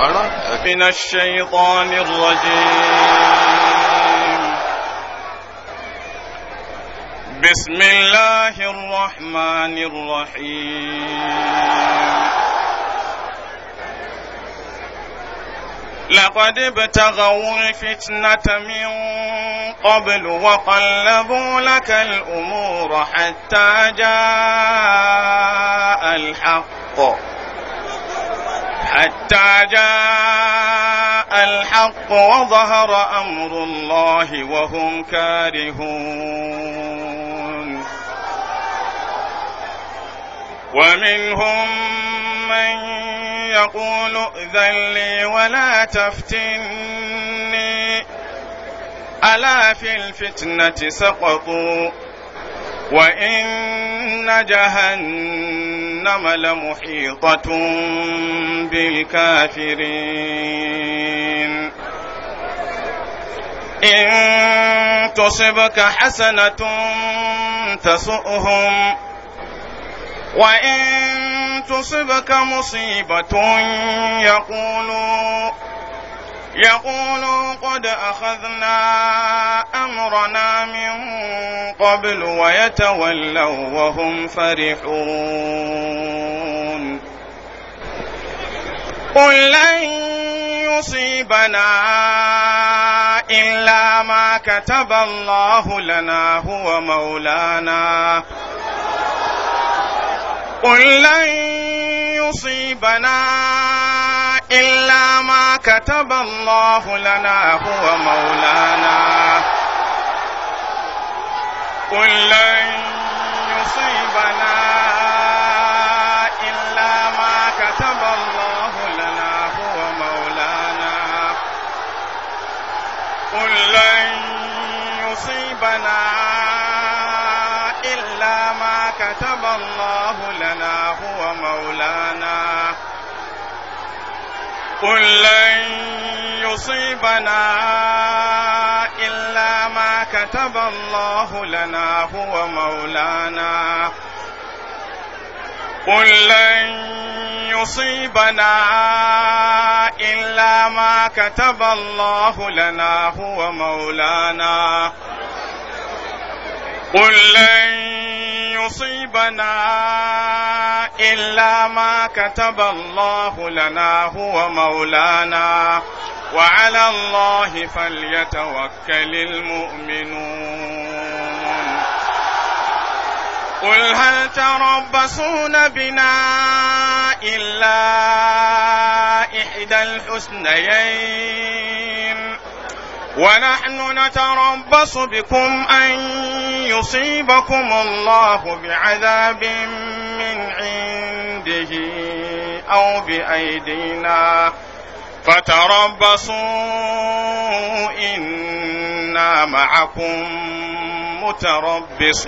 من الشيطان الرجيم بسم الله الرحمن الرحيم لقد ابتغوا الفتنة من قبل وقلبوا لك الأمور حتى جاء الحق حتى جاء الحق وظهر أمر الله وهم كارهون ومنهم من يقول ائذن لي ولا تفتني ألا في الفتنة سقطوا وإن جهنم جهنم لمحيطة بالكافرين إن تصبك حسنة تسؤهم وإن تصبك مصيبة يقولوا يقولوا قد أخذنا أمرنا من قبل ويتولوا وهم فرحون قل لن يصيبنا إلا ما كتب الله لنا هو مولانا قل لن يصيبنا إلا ما كتب الله لنا هو مولانا قل لن يصيبنا إلا ما كتب الله لنا هو مولانا قل لن يصيبنا كتب الله لنا هو مولانا قل لن يصيبنا إلا ما كتب الله لنا هو مولانا قل لن يصيبنا إلا ما كتب الله لنا هو مولانا قل لن يصيبنا إلا ما كتب الله لنا هو مولانا وعلى الله فليتوكل المؤمنون قل هل تربصون بنا إلا إحدى الحسنيين ونحن نتربص بكم أن يصيبكم الله بعذاب من عنده أو بأيدينا فتربصوا إنا معكم متربصون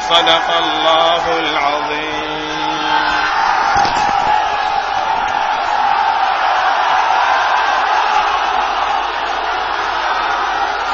صدق الله العظيم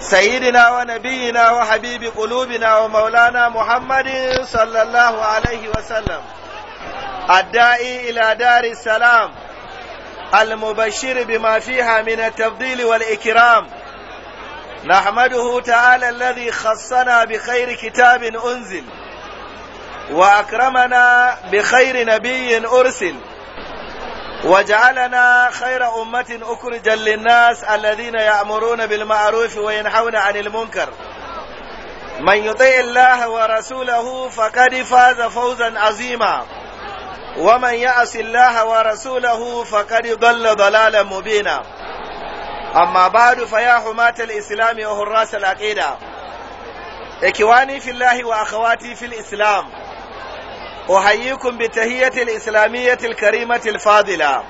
سيدنا ونبينا وحبيب قلوبنا ومولانا محمد صلى الله عليه وسلم الداعي إلى دار السلام المبشر بما فيها من التفضيل والإكرام نحمده تعالى الذي خصنا بخير كتاب أنزل وأكرمنا بخير نبي أرسل وجعلنا خير أمة أخرجا للناس الذين يأمرون بالمعروف وينحون عن المنكر من يطع الله ورسوله فقد فاز فوزا عظيما ومن يعص الله ورسوله فقد ضل ضلالا مبينا أما بعد فيا حماة الإسلام وهراس العقيدة إخواني في الله وأخواتي في الإسلام أحييكم بتهية الإسلامية الكريمة الفاضلة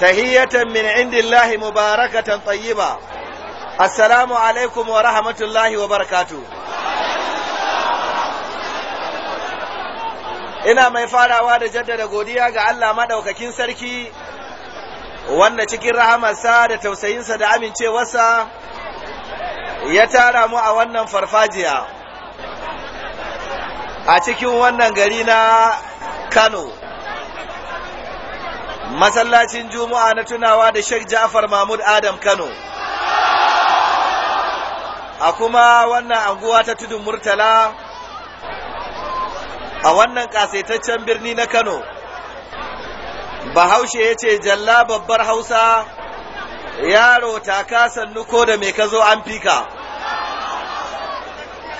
تهية من عند الله مباركة طيبة السلام عليكم ورحمة الله وبركاته ina mai farawa da jaddada godiya ga Allah maɗaukakin sarki wanda cikin rahamarsa da tausayinsa da amincewarsa ya tara mu a wannan farfajiya a cikin wannan gari na Kano masallacin juma'a na tunawa da Sheikh Ja'far Mahmud Adam Kano a kuma wannan anguwa ta tudun Murtala a wannan kasaitaccen birni na Kano Bahaushe ya ce jalla babbar Hausa yaro ta sannu ko da me ka zo an fika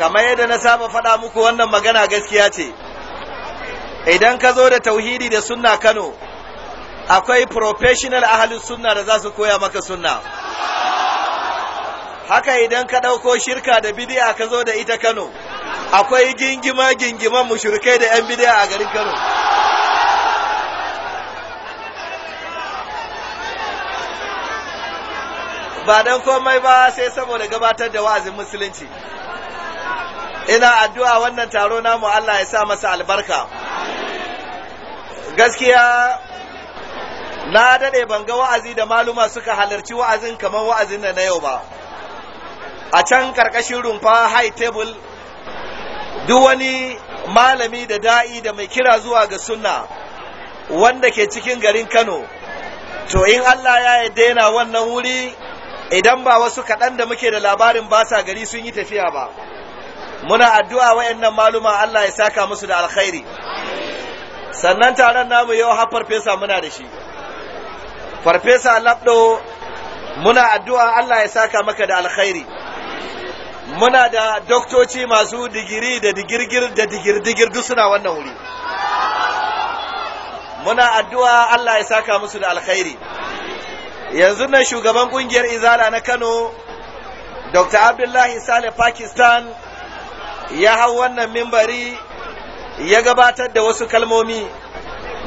kamar yadda na saba faɗa muku wannan magana gaskiya ce idan ka zo da tauhidi da sunna kano akwai professional ahalin sunna da za su koya maka sunna haka idan ka ɗauko shirka da bidiya ka zo da ita kano akwai gingima gingiman mushrikai da 'yan bidiya a garin kano ba don komai ba sai saboda gabatar da wa'azin musulunci ina addu'a wannan taro namu Allah ya sa masa albarka gaskiya na daɗe ban ga wa'azi da maluma suka halarci wa'azin kamar wa'azin da na yau ba a can ƙarƙashin rumfa high table duk wani malami da da'i da mai kira zuwa ga sunna wanda ke cikin garin kano to in allah ya yarda yana wannan wuri idan ba wasu kaɗan da muke da labarin basa gari sun yi tafiya ba muna addu'a wayannan maluma Allah ya saka musu da alkhairi sannan taron namu yau har farfesa muna da shi farfesa labdo muna addu'a Allah ya saka maka da alkhairi muna da doktoci masu digiri da digirgir da digirdigir duk suna wannan wuri muna addu'a Allah ya saka musu da alkhairi yanzu nan shugaban ƙungiyar izala na Kano Dr. Abdullahi Saleh Pakistan ya hau wannan mimbari ya gabatar da wasu kalmomi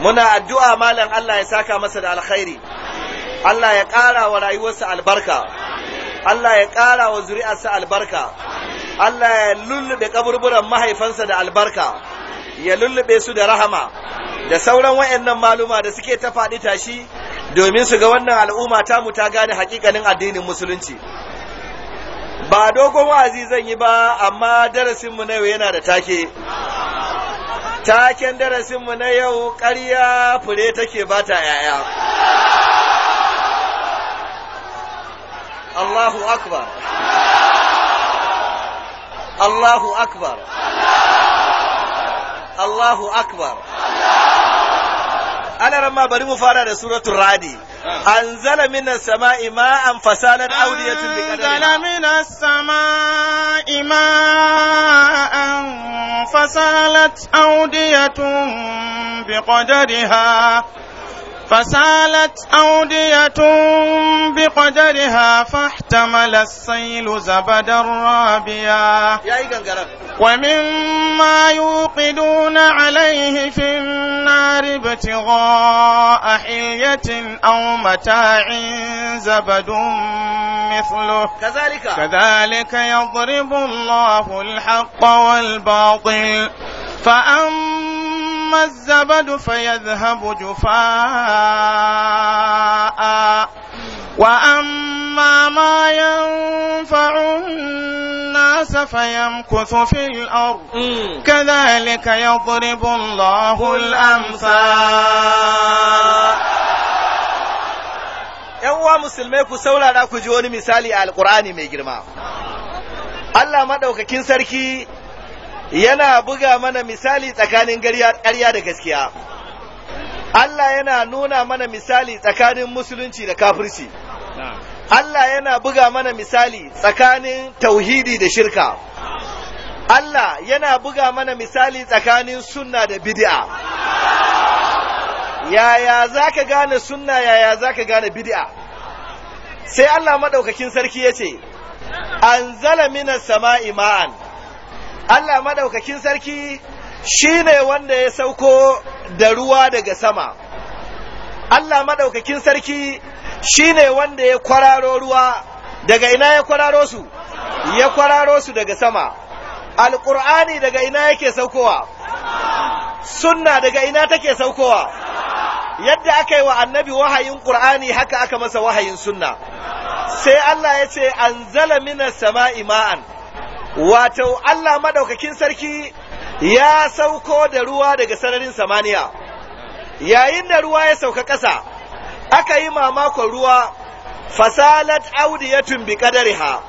muna addu'a malam Allah ya saka masa da alkhairi Allah ya ƙara wa rayuwarsa albarka Allah ya ƙara wa zuri'arsa albarka Allah ya lullube kaburburan mahaifansa da albarka ya lullube su da rahama da sauran wayannan maluma da suke ta faɗi tashi domin su ga wannan al'umma ta mu ta gane hakikanin addinin musulunci ba dogon wa'azi zan yi ba amma darasinmu na yau yana da take taken darasinmu na yau ƙarya fure take ba ta ‘ya'ya Allahu akbar Allahu akbar Allahu akbar ana ramma bari mu fara da suratul radi anzala minas sama'i ma'an fasalat awdiyatun bi qadariha anzala minas sama'i ma'an fasalat awdiyatun bi qadariha فسالت أودية بقدرها فاحتمل السيل زبدا رابيا ومما يوقدون عليه في النار ابتغاء حلية أو متاع زبد مثله كذلك كذلك يضرب الله الحق والباطل فأما الزبد فيذهب جفاء وأما ما ينفع الناس فيمكث في الأرض كذلك يضرب الله الأمثال yawwa musulmai ku saurara ku ji wani misali a alkur'ani mai girma Allah maɗaukakin sarki yana buga mana misali tsakanin ƙarya da gaskiya Allah yana nuna mana misali tsakanin musulunci da kafirci Allah yana buga mana misali tsakanin tauhidi da shirka Allah yana buga mana misali tsakanin sunna da bid'a yaya za ka gane sunna yaya za ka gane bid'a sai Allah maɗaukakin sarki ya ce an zala mina sama'i ma'an Allah madaukakin sarki shine wanda ya sauko da ruwa daga sama Allah madaukakin sarki shine wanda ya kwararo ruwa daga ina ya kwararo su ya kwararo su daga sama Al’ur’ani daga ina yake saukowa sunna daga ina take saukowa yadda aka yi wa annabi wahayin ƙur'ani haka aka masa wahayin sunna sai Allah ya ce an zala mina sama'i ma'an wato Allah madaukakin sarki ya sauko da ruwa daga sararin samaniya yayin da ruwa ya sauka ƙasa aka yi mamakon ruwa fasalat audiyatun bi ƙadariha.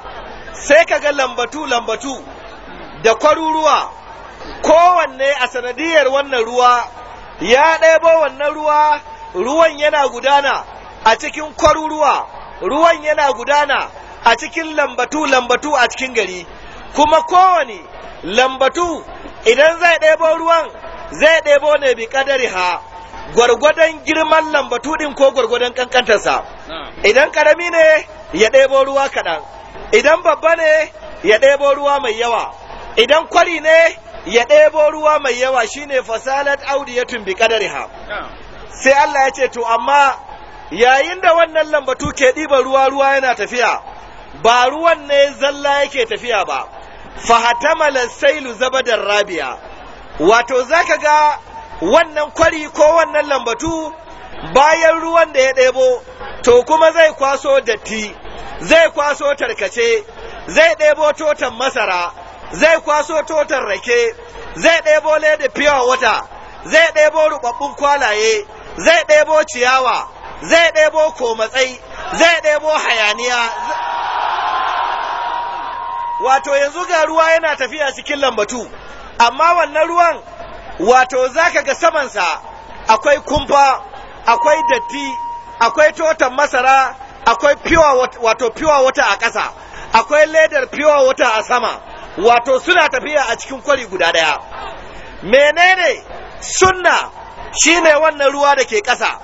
sai kaga lambatu lambatu da kwaruruwa kowanne a sanadiyar wannan ruwa ya ɗaibo wannan ruwa ruwan yana gudana a cikin kwaruruwa ruwan yana gudana a cikin lambatu lambatu a cikin gari kuma kowane lambatu idan zai ɗebo ruwan zai ɗebo ne bi ƙadari ha gwargwadon girman lambatu ɗin ko gwargwadon ƙanƙantarsa idan ƙarami ne ya ɗebo ruwa kaɗan idan babba ne ya ɗebo ruwa mai yawa idan kwari ne ya ɗebo ruwa mai yawa shine fasalat audiyatun bi ha. sai Allah ya ce to amma yayin da wannan lambatu ke ɗiba ruwa ruwa yana tafiya ba ruwan ne zalla yake tafiya ba fahatamala sailu zabadar rabi'a wato zaka ga wannan kwari ko wannan lambatu bayan ruwan da ya ɗebo to kuma zai kwaso datti zai kwaso tarkace zai ɗebo totan masara zai kwaso totan rake zai ɗebo leda fiyawa wata zai ɗebo rubabbun kwalaye zai ɗebo ciyawa zai ɗebo komatsai zai ɗebo hayaniya wato yanzu ga ruwa yana tafiya cikin lambatu amma wannan ruwan wato zaka ga samansa akwai kumfa akwai datti akwai totan masara akwai pure wato pure water a ƙasa akwai ledar pure water a sama wato suna tafiya a cikin kwari guda ɗaya menene sunna shine wannan ruwa da ke ƙasa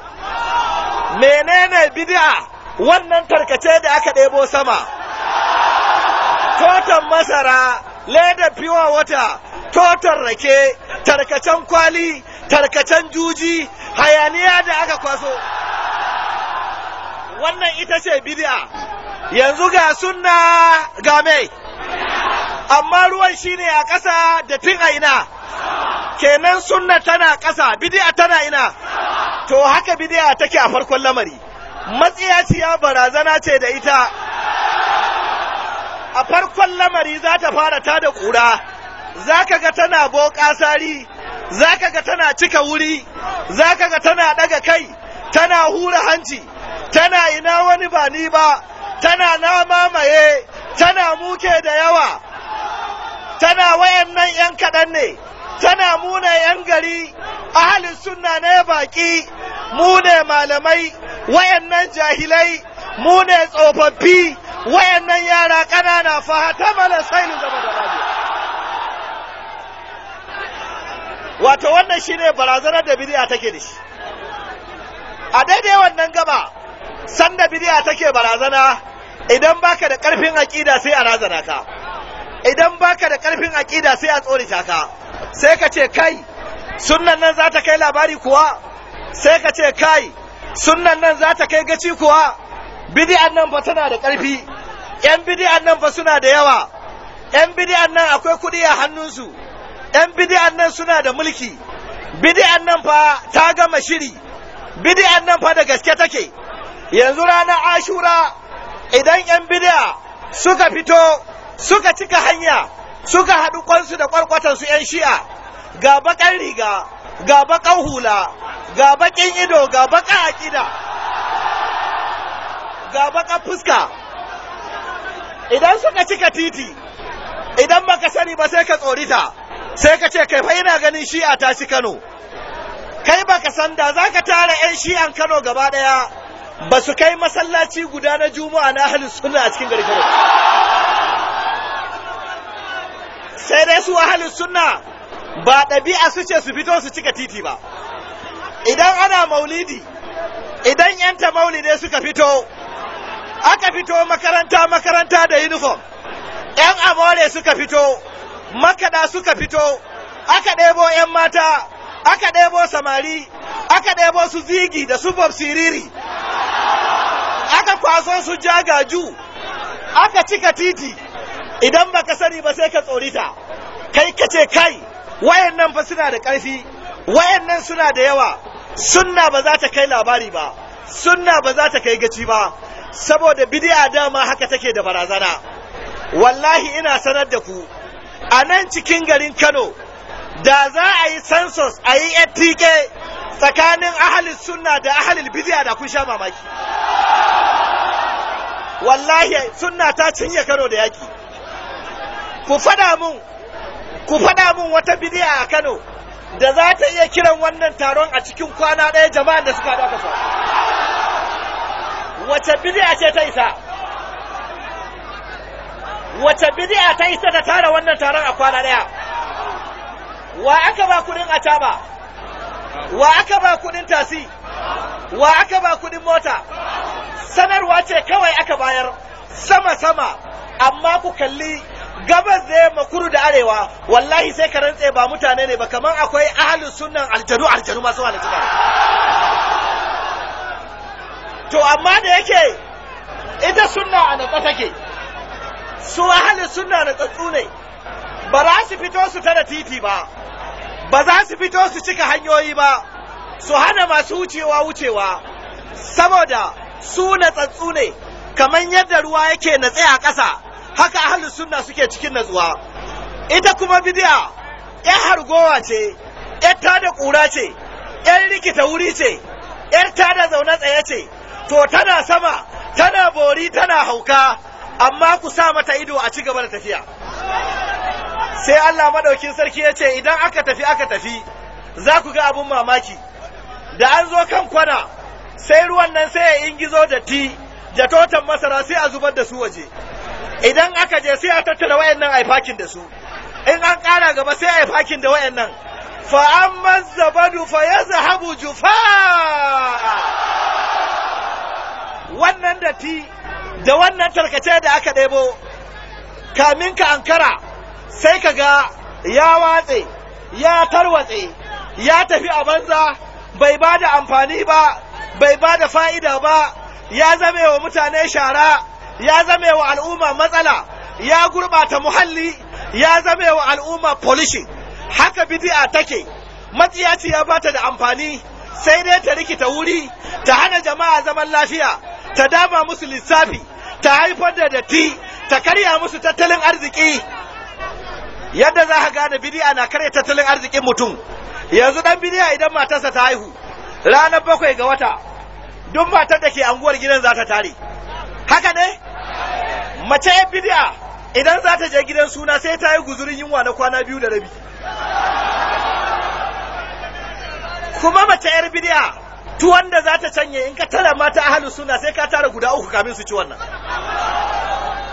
menene bid'a wannan tarkace da aka ɗebo sama totar masara leda fiwa wata totan rake tarkacen kwali tarkacen juji hayaniya da aka kwaso wannan ita ce bid'a yanzu ga sunna ga mai amma ruwan shine a ƙasa da tun a ina kenan sunna tana ƙasa bid'a tana ina to haka bid'a take a farkon lamari matsiyaciya barazana ce da ita a farkon lamari za ta fara ta da ƙura za ka ga tana boƙasari za ka ga tana cika wuri za ka ga tana ɗaga kai tana hura hanci tana ina wani ba ni ba tana na mamaye tana muke da yawa tana wayannan 'yan kaɗan ne tana muna 'yan gari ahalin sunna na baƙi Mune malamai malamai wayannan jahilai Mune tsofaffi wayannan yara ƙanana fa hatamala sailin zama da rabi wato wannan shine barazanar da bidiya take da shi a daidai wannan gaba san da bidiya take barazana idan baka da karfin aƙida sai a razana ka idan baka da karfin aƙida sai a tsorita ka sai ka ce kai sunnan nan za ta kai labari kuwa sai ka ce kai sunnan nan za ta kai gaci kuwa bid'an nan fa tana da ƙarfi yan bid'an nan fa suna da yawa yan bid'an nan akwai kuɗi a hannunsu yan bid'an nan suna da mulki bid'an nan fa ta gama shiri bid'an nan fa da gaske take yanzu ranar ashura idan yan bid'a suka fito suka cika hanya suka haɗu kwansu da kwarkwatansu yan shi'a ga baƙar riga ga baƙar hula ga baƙin ido ga baƙa akida ga baka fuska idan suka cika titi idan baka sani ba sai ka tsorita sai ka ce kai fa ina ganin shi'a ta ci Kano kai baka san da zaka tara yan shi'an Kano gaba daya ba su kai masallaci guda na juma'a na ahli sunna a cikin gari Kano sai dai su ahli sunna ba ɗabi'a su ce su fito su cika titi ba idan ana maulidi idan yanta maulide suka fito aka fito makaranta makaranta da uniform ‘yan amore suka fito makada suka fito aka ɗebo ‘yan mata aka ɗebo samari aka ɗebo su zigi da su bob siriri aka kwaso su jagaju aka cika titi idan baka sani ba sai ka tsorita kai kace kai wayan nan fa suna da ƙarfi wayan nan suna da yawa sunna ba za ta kai labari ba sunna ba za ta kai gaci ba saboda bidiya dama haka take da barazana wallahi ina sanar da ku a nan cikin garin Kano da za a yi census a yi FPK tsakanin ahalin sunna da ahalin bidiya da kun sha mamaki wallahi sunna ta cinye Kano da yaki ku fada mun ku fada mun wata bidiya a Kano da za ta iya kiran wannan taron a cikin kwana ɗaya jama'an da suka haɗu wace bid'a ce ta isa wace bid'a ta isa ta tara wannan taron a kwana daya wa aka ba kudin ataba wa aka ba kudin tasi wa aka ba kudin mota sanarwa ce kawai aka bayar sama sama amma ku kalli gabas da makuru da arewa wallahi sai ka rantse ba mutane ne ba kamar akwai ahlus sunnan aljanu aljanu masu halittu to amma da yake ita sunna a natsa take su ahalin sunna na tsatsu ne ba za su fito su tara titi ba ba za su fito su cika hanyoyi ba su hana masu wucewa wucewa saboda su na tsatsu ne kamar yadda ruwa yake na a ƙasa haka ahalin sunna suke cikin natsuwa ita kuma bidiya ya hargowa ce ya tada ƙura ce yar rikita wuri ce yar tada zaune tsaye ce to tana sama tana bori tana hauka amma ku sa mata ido a ci gaba da tafiya sai Allah madaukin sarki ya ce idan aka tafi aka tafi za ku ga abun mamaki da an zo kan kwana sai ruwan nan sai ya ingizo da ti da totan masara sai a zubar da su waje idan aka je sai a tattara wayannan ai fakin da su in an kara gaba sai ai fakin da wayannan fa amma zabadu fa yazhabu jufaa wannan datti da wannan tarkace da aka ɗebo kamin ka ankara sai ka ga ya watse ya tarwatse ya tafi a banza bai ba da amfani ba bai ba da fa'ida ba ya zame wa mutane shara ya zame wa al'umma matsala ya gurbata muhalli ya zame wa al'umma polishin haka bidi'a take matsiyaci ya bata da amfani sai dai ta rikita wuri ta hana jama'a zaman lafiya ta dama musu lissafi ta haifar da datti ta karya musu tattalin arziki yadda za ka gane bidiya na karya tattalin arzikin mutum yanzu dan bidiya idan matarsa ta haihu ranar bakwai ga wata duk matar da ke anguwar gidan za ta tare haka ne mace yan bidiya idan za ta je gidan suna sai ta yi guzurin yunwa na kwana biyu da rabi kuma mace yar bidiya tuwan da za ta canye in ka tara mata ahalu suna sai ka tara guda uku kamin su ci wannan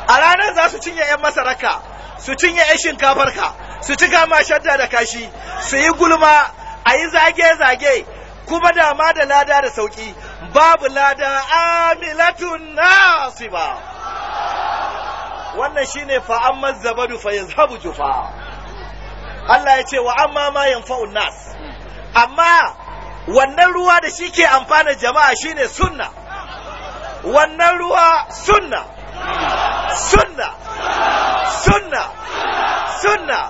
a ranar za su cinye 'yan masaraka su cinye 'yan shinkafarka su ci kama shadda da kashi su yi gulma a yi zage-zage kuma dama da lada da sauki babu lada amilatun nasiba wannan shine fa'amman zabadu fa yazhabu jufa Allah ya ce wa amma ma yanfa'un nas amma wannan ruwa da shi ke amfana jama'a shine sunna wannan ruwa sunna sunna sunna sunna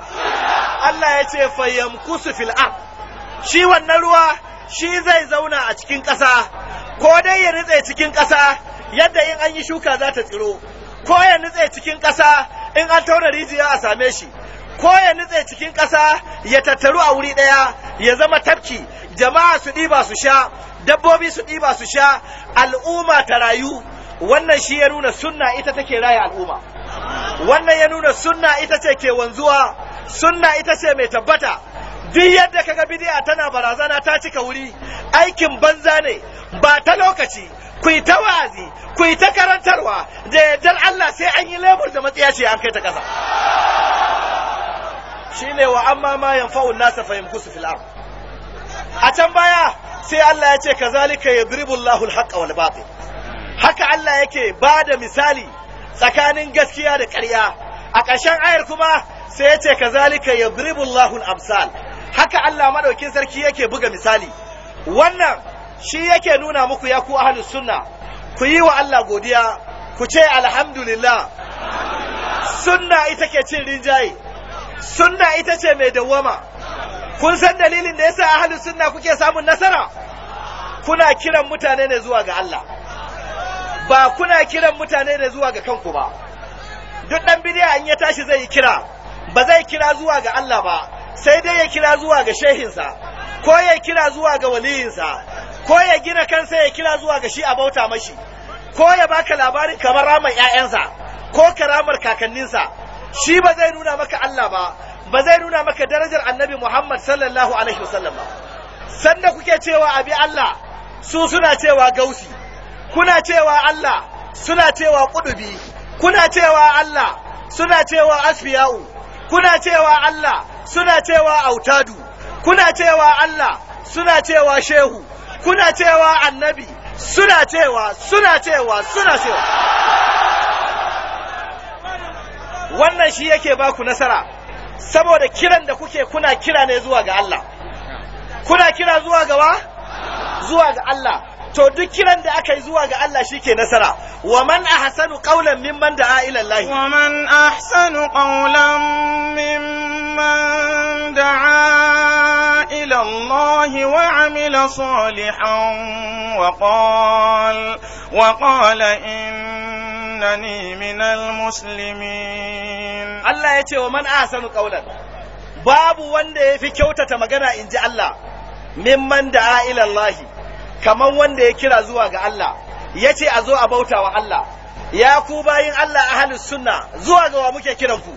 Allah ya ce fayyam kusu fil'ar shi wannan ruwa shi zai zauna a cikin ƙasa ko dai ya nutse cikin ƙasa yadda in an yi shuka za ta tsiro ko ya nutse cikin ƙasa in an taura rijiya a same shi ko ya nutse cikin ƙasa ya tattaru a wuri ɗaya ya zama tafki jama'a su ɗiba su sha dabbobi su ɗiba su sha al'umma ta rayu wannan shi ya nuna sunna ita take raya al'umma wannan ya nuna sunna ita ce ke wanzuwa sunna ita ce mai tabbata duk yadda kaga bidi'a tana barazana ta cika wuri aikin banza ne ba ta lokaci ku yi ta wa'azi ku yi ta karantarwa da yardar Allah sai an yi lebur da matsiya ce an kai ta ƙasa shine wa amma ma yanfa'u nasa fayamkusu su ard a can baya sai Allah ya ce kazalika ya Allahu al-haqqa haka Allah yake ba da misali tsakanin gaskiya da ƙarya a ƙarshen ayar kuma sai ya ce kazalika ya Allahu al-amsal haka Allah maɗaukin sarki yake buga misali wannan shi yake nuna muku ya ku ahlus sunna ku yi wa Allah godiya ku ce alhamdulillah sunna ita ke cin rinjaye sunna ita ce mai dawwama kun san dalilin da yasa ahlus sunna kuke samun nasara kuna kiran mutane ne zuwa ga Allah ba kuna kiran mutane ne zuwa ga kanku ba duk dan bidiya in ya tashi zai yi kira ba zai kira zuwa ga Allah ba sai dai ya kira zuwa ga shehinsa ko ya kira zuwa ga waliyinsa ko ya gina kansa ya kira zuwa ga shi a bauta mashi ko ya baka labarin kamar ramar 'ya'yansa ko karamar kakanninsa shi ba zai nuna maka Allah ba ba zai nuna maka darajar annabi Muhammad sallallahu alaihi wasallam ba sanda kuke cewa abi Allah su suna cewa gausi kuna cewa Allah suna cewa kudubi kuna cewa Allah suna cewa asfiya'u kuna cewa Allah suna cewa autadu kuna cewa Allah suna cewa shehu kuna cewa annabi suna cewa suna cewa suna cewa wannan shi yake ba ku nasara saboda kiran da kuke kuna kira ne zuwa ga Allah kuna kira zuwa ga wa zuwa ga Allah to duk kiran da aka yi zuwa ga Allah shi ke nasara wa man ahsanu qawlan mimman da'a ila Allah wa man ahsanu qawlan mimman da'a ila Allah wa amila salihan wa qala wa qala in innani minal muslimin Allah ya ce wa man ahsanu qawlan babu wanda ya fi kyautata magana inji ji Allah mimman da'a ila Allah kaman wanda ya kira zuwa ga Allah yace ce a zo a bauta Allah ya ku bayin Allah ahlus sunna zuwa ga wa muke kiran ku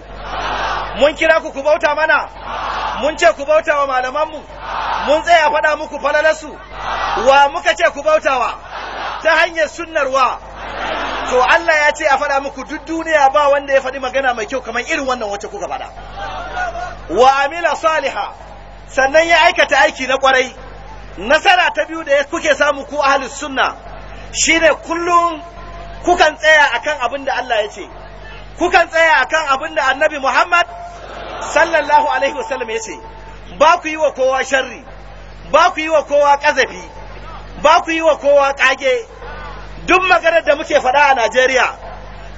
mun kira ku ku bauta mana mun ce ku bauta wa malaman mu? mun tsaya faɗa muku falalarsu wa muka ce ku bauta wa ta hanyar sunnar wa to Allah ya ce a faɗa muku duk duniya ba wanda ya faɗi magana mai kyau kamar irin wannan wacce kuka faɗa wa amila saliha sannan ya aikata aiki na kwarai nasara ta biyu da kuke samu ku ahli sunna shine kullum kukan tsaya akan abin da Allah ya ce kukan tsaya akan abin da annabi Muhammad sallallahu alaihi wasallam ya ce ba ku yi wa kowa sharri ba ku yi wa kowa kazafi, ba ku yi wa kowa kage. duk maganar da muke faɗa a Najeriya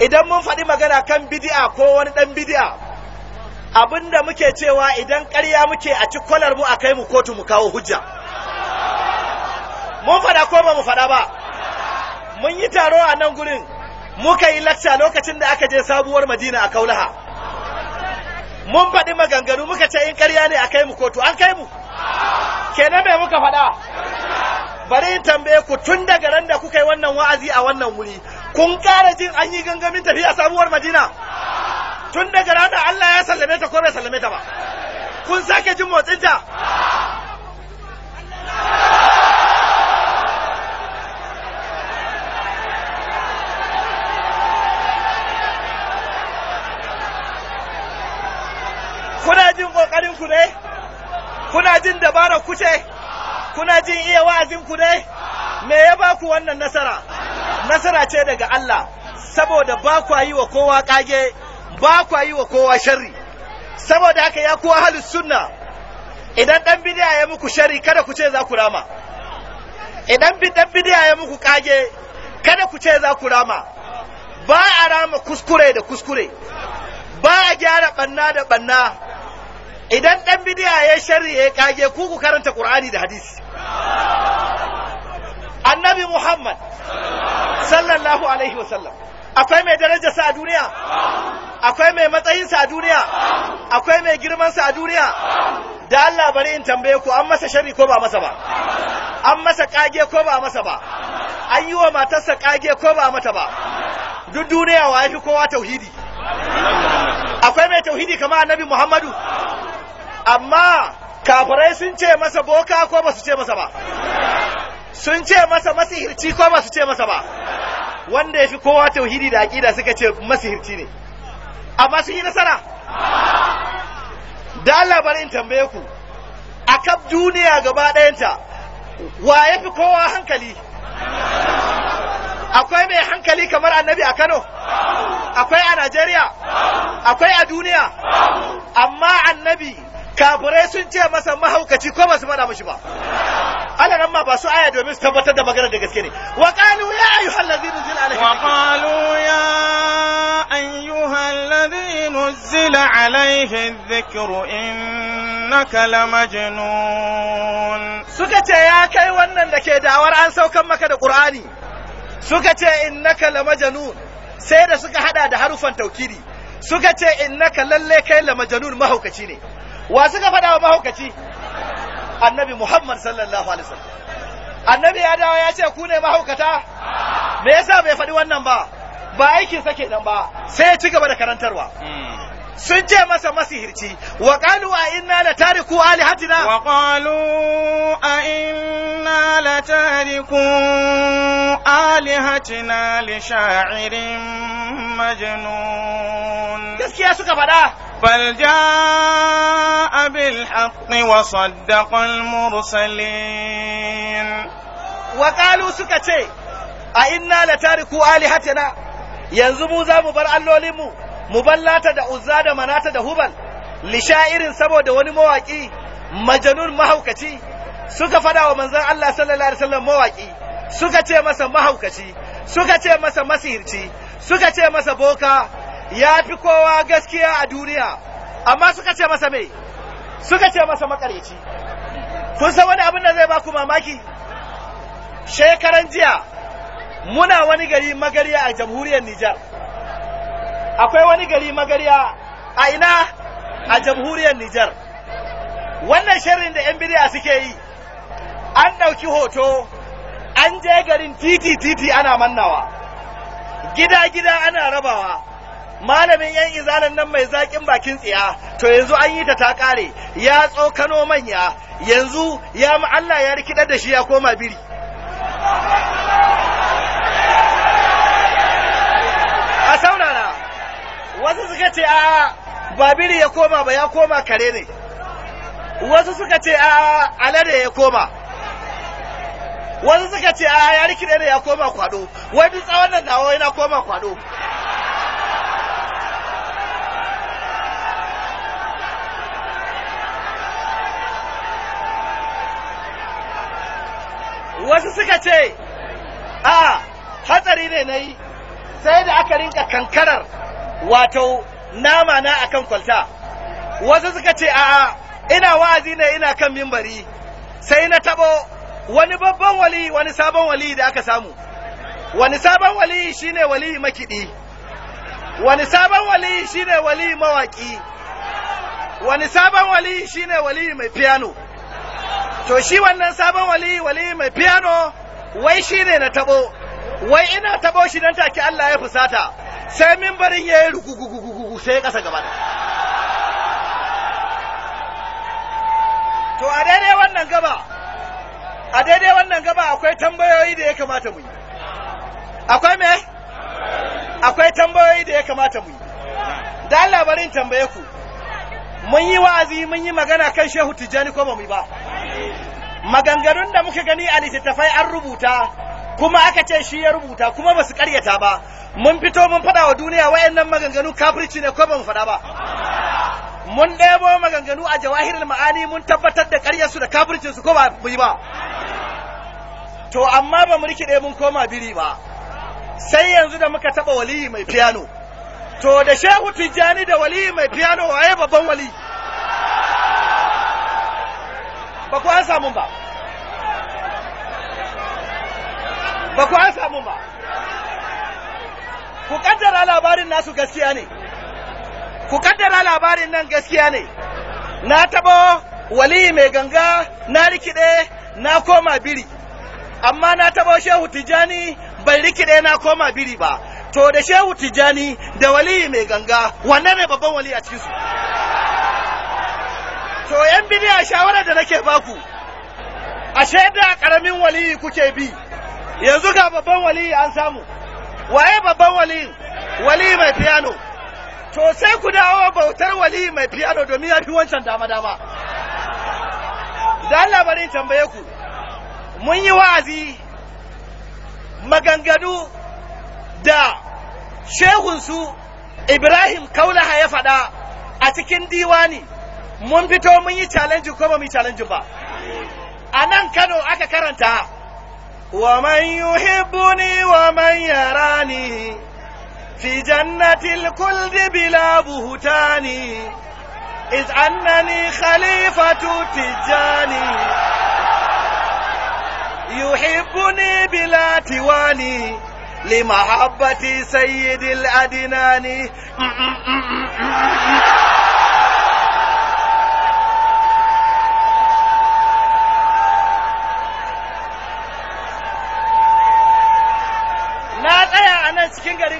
idan mun faɗi magana kan bidi'a ko wani ɗan bidi'a abinda muke cewa idan ƙarya muke a ci kwalar mu a kai mu kotu mu kawo hujja mun faɗa ko ba mu faɗa ba mun yi taro a nan gurin muka yi lacca lokacin da aka je sabuwar madina a kaulaha mun faɗi maganganu muka ce in ƙarya ne a kai mu kotu an kai mu kenan me muka faɗa bari in tambaye ku tun daga ran da kuka yi wannan wa'azi a wannan wuri kun ƙara jin an yi gangamin tafiya sabuwar madina tun daga ran da Allah ya sallame ta ko bai sallame ta ba kun sake jin motsin ta kuna jin kokarin ku ne kuna jin dabara ku ce kuna jin iya wa'azinku dai me ya ba ku wannan nasara nasara ce daga Allah saboda ba ku yi wa kowa kage ba ku yi wa kowa sharri saboda haka ya kuwa halin sunna idan dan bidiya ya muku sharri kada ku ce za ku rama idan dan bidiya ya muku kage kada ku ce za ku rama ba a rama kuskure da kuskure ba a gyara banna da banna idan dan bidiya ya sharri ya kage ku ku karanta qur'ani da hadisi annabi muhammad sallallahu alaihi wasallam akwai mai darajarsa a duniya akwai mai matsayinsa a duniya akwai mai girmansa a duniya da Allah bari in tambaye ku an masa shari ko ba masa ba an masa kage ko ba masa ba an yi wa matarsa kage ko ba mata ba duk duniya wa yafi kowa tauhidi akwai mai tauhidi kamar annabi Muhammadu amma kafirai sun ce masa boka ko ba su ce masa ba sun ce masa masihirci ko ba su ce masa ba wanda ya fi kowa tauhidi da aƙida suka ce masihirci ne amma sun yi nasara da Allah bari in tambaye ku a kaf duniya gaba ɗayanta wa ya fi kowa hankali akwai mai hankali kamar annabi a Kano akwai a Najeriya akwai a duniya amma annabi kafirai sun ce masa mahaukaci ko ba su faɗa mashi ba Allah nan ma ba su aya domin su tabbatar da magana da gaske ne wa qalu ya ayyuhal ladhina nuzila alayhi wa qalu ya ayyuhal ladhina nuzila alayhi dhikru innaka lamajnun suka ce ya kai wannan da ke dawar an saukan maka da qur'ani suka ce innaka lamajnun sai da suka hada da harufan taukiri suka ce innaka lalle kai lamajnun mahaukaci ne wa suka faɗa wa mahaukaci annabi muhammad sallallahu alaihi wasallam annabi ya dawo ya ce ku ne mahaukata me yasa bai faɗi wannan ba ba aikin sake kenan ba sai ya ci gaba da karantarwa hmm. sun ce masa masihirci wa qalu a inna la tariku alihatina wa qalu a inna la tariku alihatina li sha'irin majnun gaskiya suka faɗa bal jaa bil haqqi wa saddaqa al mursalin wa qalu suka ce a inna la tariku alihatina yanzu mu za mu bar allolinmu muballata da uzza da manata da hubal lishairin saboda wani mawaki majanun mahaukaci suka fada wa manzon Allah sallallahu alaihi wasallam mawaki suka ce masa mahaukaci suka ce masa masihirci suka ce masa boka ya fi kowa gaskiya a duniya amma suka ce masa me suka ce masa makareci kun san wani abin da zai ku mamaki shekaran jiya muna wani gari magariya a jamhuriyar Nijar akwai wani gari magarya a ina a jamhuriyar Nijar wannan sharrin da 'yan bidiya suke yi an ɗauki hoto an je garin titi-titi ana mannawa gida-gida ana rabawa malamin 'yan izalan nan mai zaƙin bakin tsiya to yanzu an yi ta ta ƙare ya tsokano manya yanzu ya Allah ya rikidar da shi ya koma biri ce a babiri ya koma ba ya koma kare ne wasu suka ce a alade ya koma wasu suka ce a ya rikide ne ya koma kwado wani tsawon nan nawa yana koma kwado wasu suka ce a hatsari ne na yi sai da aka rinka kankarar wato nama na akan kwalta wasu suka ce a ina wa'azi ne ina kan mimbari sai na tabo wani babban wali wani sabon wali da aka samu wani sabon wali shine wali makidi wani sabon wali shine wali mawaki wani sabon wali shine wali mai piano to shi wannan sabon wali wali mai piano wai shine na tabo wai ina tabo shi dan take Allah ya fusata sai mimbarin yayi rugugugugugu sai kasa gaba da to a daidai wannan gaba a daidai wannan gaba akwai tambayoyi da ya kamata mu yi akwai me akwai tambayoyi da ya kamata mu yi da labarin tambaye ku mun yi wa'azi mun yi magana kan shehu tijjani ko ba mu ba maganganun da muka gani a littattafai an rubuta kuma aka ce shi ya rubuta kuma ba su karyata ba mun fito mun fada wa duniya wayannan maganganu kafirci ne ko ba mu fada ba mun ɗebo maganganu a jawahirul ma'ani mun tabbatar da karyarsu da kafircinsu ko ba yi ba to amma ba mu rikide mun koma biri ba sai yanzu da muka taɓa waliyi mai fiyano to da shehu tijjani da waliyi mai fiyano waye babban wali ba ku an samu ba ba ku an samu ba ku kaddara labarin nasu gaskiya ne ku kaddara labarin nan gaskiya ne na tabo wali mai ganga na rikide na koma biri amma na tabo shehu tijani bai rikide na koma biri ba to da shehu tijani da wali mai ganga wannan ne babban wali a cikinsu to yan bidiya shawarar da nake baku ashe da karamin wali kuke bi yanzu ga babban wali an samu waye babban wali wali mai piano to sai ku dawo bautar wali mai piano domin ya fi wancan dama dama da labarin tambaye ku mun yi wa'azi maganganu da shehunsu ibrahim kaulaha ya faɗa a cikin diwani mun fito mun yi challenge ko ba mu yi challenge ba a nan kano aka karanta ومن يحبني ومن يراني في جنة الكلد بلا بهتان إذ أنني خليفة تجاني يحبني بلا تواني لمحبة سيد الأدنان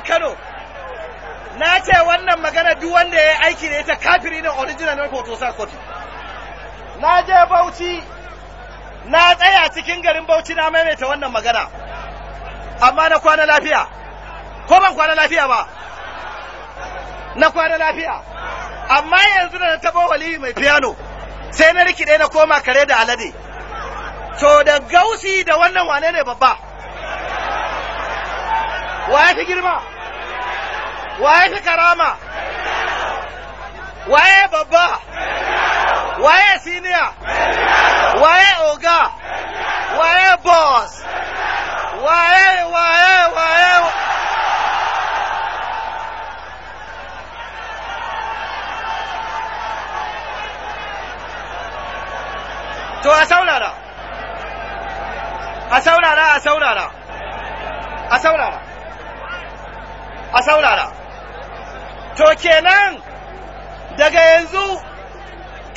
Kano na ce wannan magana duk wanda ya yi aiki da ita kafiri ne original ne hoto sa kotu na je Bauchi na tsaya cikin garin Bauchi na maimaita wannan magana amma na kwana lafiya ko ban kwana lafiya ba na kwana lafiya amma yanzu da na taɓa waliyu mai piano sai na rikide na koma kare da alade to da gausi da wannan wane ne babba wa ya fi girma waye fi karama waye babba waye siniya waye oga waye boss waye waye waye to a saurara a saurara a saurara a saurara a saurara to kenan daga yanzu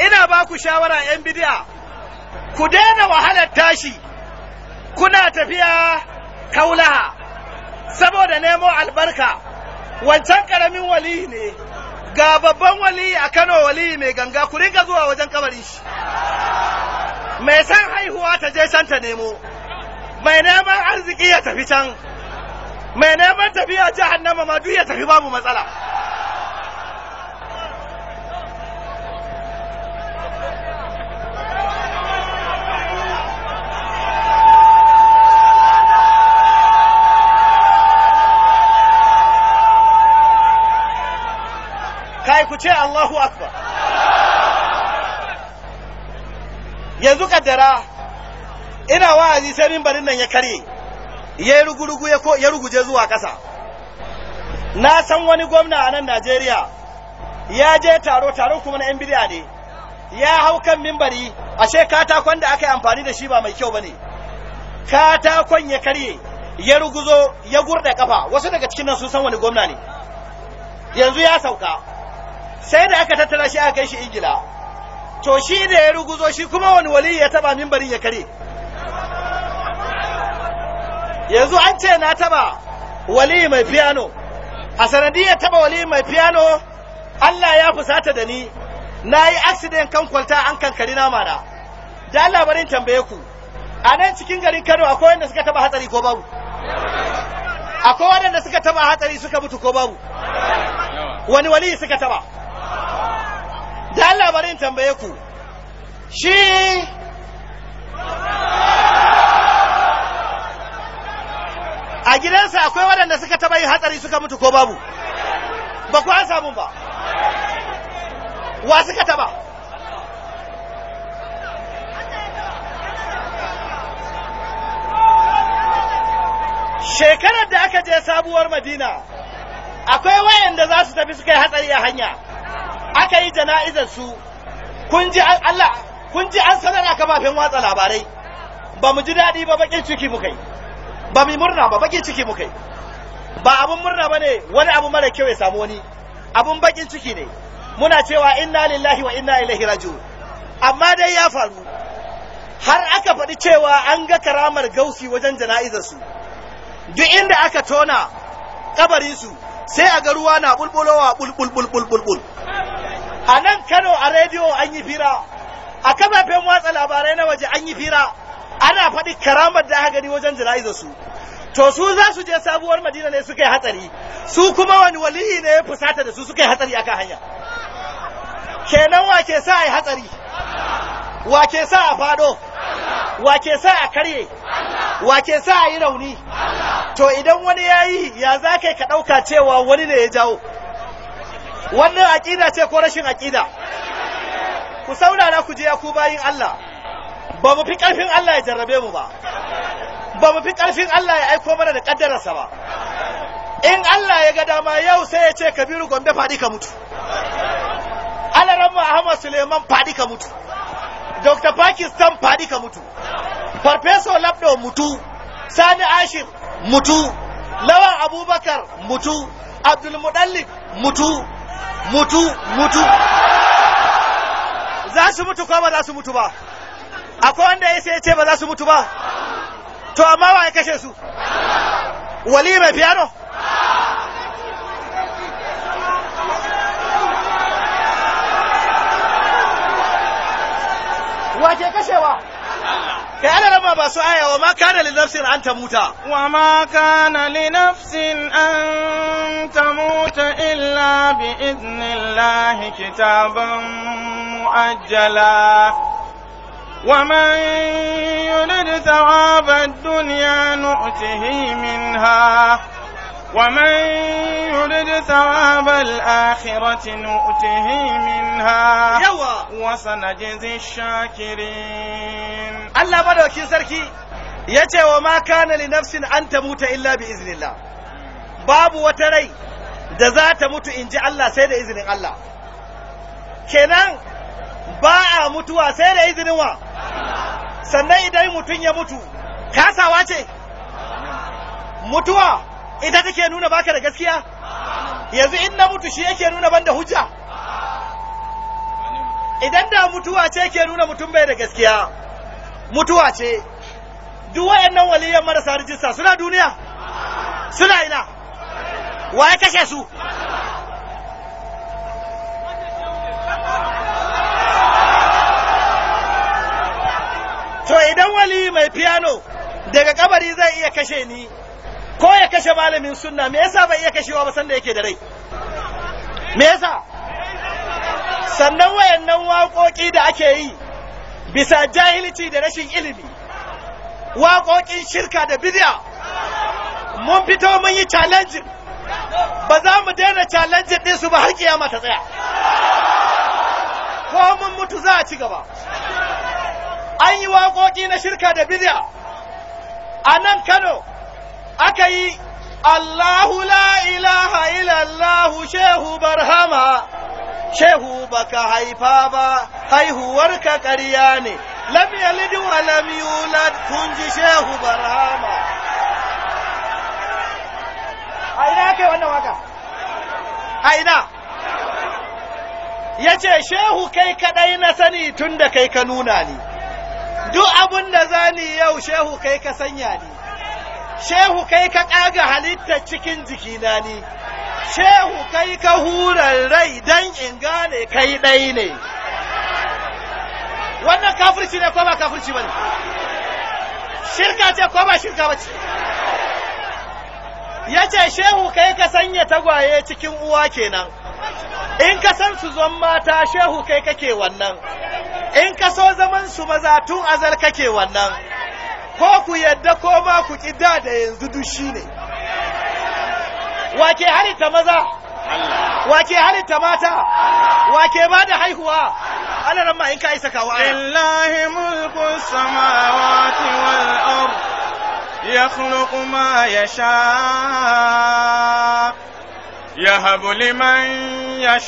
ina ba ku shawara 'yan bidiya ku daina wahalar tashi kuna tafiya kaulaha saboda nemo albarka wancan karamin wali ne ga babban wali a kano wali mai ganga ku rinka zuwa wajen kabarin shi mai san haihuwa ta je can ta nemo mai neman arziki ya tafi can mai neman tafiya jihar nama ma duk ya tafi babu matsala ku ce Allahu Akbar yanzu kaddara ina wa'azi sai mimbarin nan ya karye ya yi rugurugu ya ruguje zuwa ƙasa na san wani gwamna a nan Najeriya ya je taro taro kuma na 'yan bidiya ne ya hau kan mimbari ashe katakon da aka yi amfani da shi ba mai kyau ba ne katakon ya karye ya ruguzo ya gurɗa kafa wasu daga cikin nan sun san wani gwamna ne yanzu ya sauka sai da aka tattara shi aka kai shi ingila to shi da ya ruguzo shi kuma wani wali ya taba mimbarin ya kare yanzu an ce na taba wali mai piano a sanadiyar taba wali mai piano Allah ya fusata da ni na yi accident kan kwalta an kankari nama mana da labarin tambaye ku a nan cikin garin Kano akwai wanda suka taba hatsari ko babu akwai wanda suka taba hatsari suka mutu ko babu wani wali suka taba da Allah bari in tambaye ku shi a gidansa akwai waɗanda suka taɓa yi hatsari suka mutu ko babu ba ku an samu ba wa suka taɓa shekarar da aka je sabuwar madina akwai wayanda za su tafi suka yi hatsari a hanya aka yi jana'izar su kun ji Allah kun ji an sanar a kafafen watsa labarai ba mu ji daɗi ba bakin ciki mu kai ba mu murna ba bakin ciki mu kai ba abun murna bane wani abu mara kyau ya samu wani abun bakin ciki ne muna cewa inna lillahi wa inna ilaihi raji'un amma dai ya faru har aka faɗi cewa an ga karamar gausi wajen jana'izar su duk inda aka tona kabarin su sai a ga ruwa na bulbulowa bulbulbulbulbul a nan kano a rediyo an yi fira a kafafen watsa labarai na waje an yi fira ana faɗi karamar da aka gani wajen da su to su za su je sabuwar madina ne suka yi hatsari su kuma wani waliyi ne ya fusata da su suka yi hatsari akan hanya kenan wa ke sa a yi hatsari ke sa a fado ke sa a karye ke sa a yi rauni to idan wani ya yi ya za kai ka ɗauka cewa wani ne ya jawo wannan aƙida ce ko rashin aƙida ku saurara ku je ya ku bayin Allah ba mu fi ƙarfin Allah ya jarrabe mu ba ba mu fi ƙarfin Allah ya aiko mana da ƙaddararsa ba in Allah ya ga dama yau sai ya ce kabiru gombe fadi ka mutu alaran Ahmad Suleiman faɗi ka mutu Dr. Pakistan faɗi ka mutu, Farfeso Labdo mutu, Sani ashir mutu, Lawan Abubakar mutu, Abdulmuɗallif mutu, mutu, mutu. Za su mutu ko ba za su mutu ba, akwai wanda ya sai ce ba za su mutu ba, to amma wa ya kashe su, wali mai piano? wace kashewa kai ana raba ba su aya wa ma kana li nafsin an tamuta wa ma kana li nafsin an tamuta illa bi idnillahi kitaban muajjala ومن يرد ثواب الدنيا نؤته منها ومن يرد ثواب الآخرة نؤته منها وسنجزي الشاكرين الله بدو كي سركي يتي وما كان لنفس أن تموت إلا بإذن الله باب وتري da za ta mutu in ji Allah sai da izinin Allah kenan ba a mutuwa sai da izinin wa sannan idan mutum ya mutu kasawa ce mutuwa ita take nuna baka da gaskiya yanzu in na mutu shi yake nuna ban da hujja idan da mutuwa ce ke nuna mutum bai da gaskiya mutuwa ce duk wayannan waliyan marasa rijista suna duniya suna ina wa ya kashe su to idan wali mai piano daga kabari zai iya kashe ni ko ya kashe malamin sunna me yasa bai iya kashewa ba sanda yake da rai me yasa sannan wayannan waƙoƙi da ake yi bisa jahilci da rashin ilimi waƙoƙin shirka da bid'a mun fito mun yi challenge ba za mu daina challenge din su ba har kiyama ta tsaya ko mun mutu za a ci gaba an yi waƙoƙi na shirka da bid'a a nan Kano aka yi Allahu la ilaha illallahu shehu barhama shehu baka haifa ba haihuwar ka ƙarya ne lam yalid wa lam yulad kun ji shehu barhama a ina kai wannan waka a ina ya ce shehu kai kaɗai na sani tun da kai ka nuna ni duk abin da zani yau shehu kai ka sanya ni shehu kai ka kaga halittar cikin jikina ni shehu kai ka hurar rai don in gane kai dai ne wannan kafirci ne ko ba kafirci ba ne shirka ce ko ba shirka ba ce ya ce shehu kai ka sanya tagwaye cikin uwa kenan in ka san su zon mata shehu kai kake wannan in ka so zaman su maza tun azal kake wannan ko ku yadda ko ma ku ki da da yanzu duk shi ne wake ta maza wake ta mata wake ba da haihuwa ana nan ma in ka isa kawo ala. lillahi mulku samawati wal ard yakhluqu ma yasha يهب لمن يشاء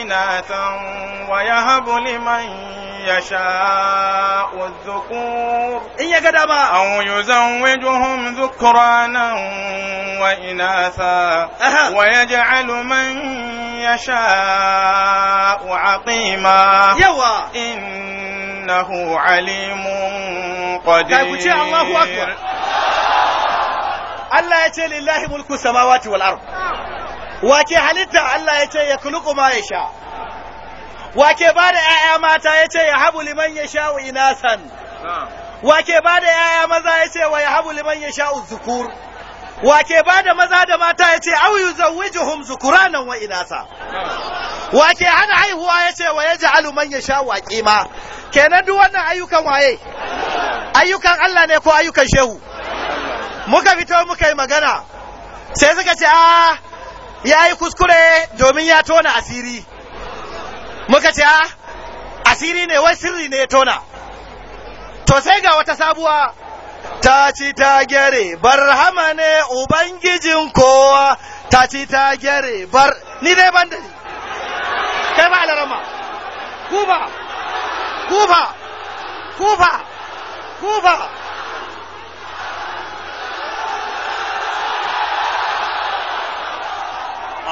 إناثا ويهب لمن يشاء الذكور إن يقدم أو يزوجهم ذكرانا وإناثا أه. ويجعل من يشاء عقيما يوا إنه عليم قدير الله أكبر Allah ya ce lillahi mulku samawati wal ard wace halitta Allah ya ce ya kuluku ma yasha wake ba da ‘ya'ya mata ya ce ya habu liman ya sha'u inasan wake ba da ‘ya'ya maza ya ce wa ya habu liman ya sha'u zukur wake ba da maza da mata ya ce au yi zawujuhum zukuranan wa inasa wake hana haihuwa ya ce wa ya ji alu ya sha'u a kima kenan duk wannan ayyukan waye ayyukan Allah ne ko ayyukan shehu muka fito muka yi magana sai suka ce a ah, ya yi kuskure domin ya tona asiri muka ce ah, asiri ne wai sirri ne tona to sai ga wata sabuwa ta ci ta gyare barhama ne ubangijin kowa ta ci ta gyare bar ni dai ban da ni kai ba alarama kufa kufa kufa kufa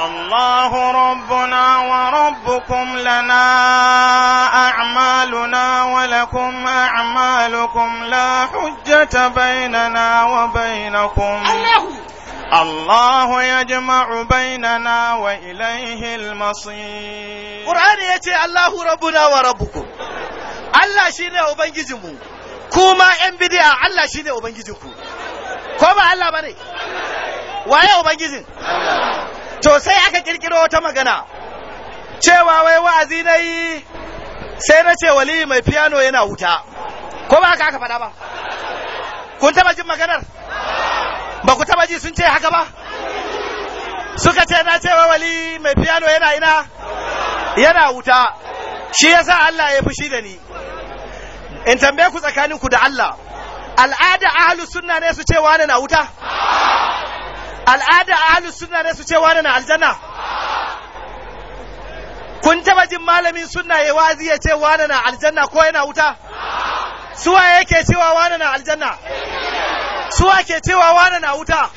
الله ربنا وربكم لنا أعمالنا ولكم أعمالكم لا حجة بيننا وبينكم الله يجمع بيننا وإليه المصير قرآن يتي الله ربنا وربكم الله شيني أبنجزمو كما انبديا الله شيني أبنجزكم كما الله بني waye ubangijin to sai aka kirkiro wata magana cewa wai wa'azi na yi sai na ce wali mai piano yana huta ko ba haka aka faɗa ba kun taba jin maganar ba ku taba ji sun ce haka ba suka ce na cewa wali mai piano yana ina yana wuta shi yasa Allah ya fushi da ni in tambaye ku tsakaninku da Allah al'ada ahlus sunna ne su ce wani na wuta al'ada a halin suna ne su ce wani na aljanna kun taba jin malamin suna ya wazi ya ce wani na aljanna ko yana wuta suwa yake cewa wani na aljanna suwa ke cewa wani na wuta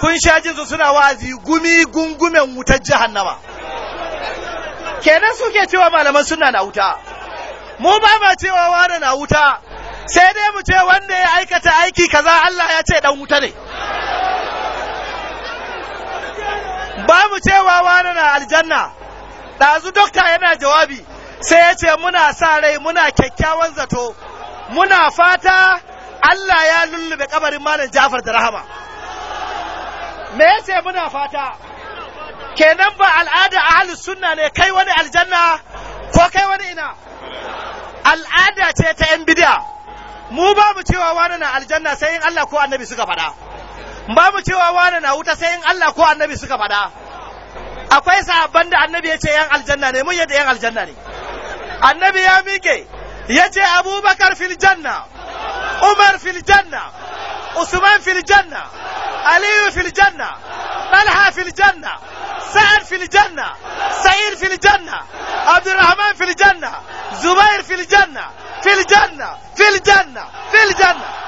kun sha jinsu suna wazi gumi gungumen wutar jahannama kenan suke cewa malaman suna na wuta mu ba ma cewa wani na wuta sai dai mu ce wanda ya aikata aiki kaza Allah ya ce dan wuta ne ba mu cewa wani na aljanna ɗazu dokta yana jawabi sai ya ce muna sa rai muna kyakkyawan zato muna fata Allah ya lullube kabarin malam Jafar da rahama me yace muna fata kenan ba al'ada ahli sunna ne kai wani aljanna ko kai wani ina al'ada ce ta yan bid'a mu ba mu cewa wani na aljanna sai yin Allah ko annabi suka faɗa ba mu cewa wane na wuta sai in Allah ko annabi suka faɗa akwai sahabban da annabi ya ce yan aljanna ne mun yadda yan aljanna ne annabi ya miƙe ya ce abubakar fil janna umar fil janna usman fil janna aliyu fil janna talha fil janna sa'ad fil janna sa'id fil janna abdurrahman fil janna zubair fil janna fil janna fil janna fil janna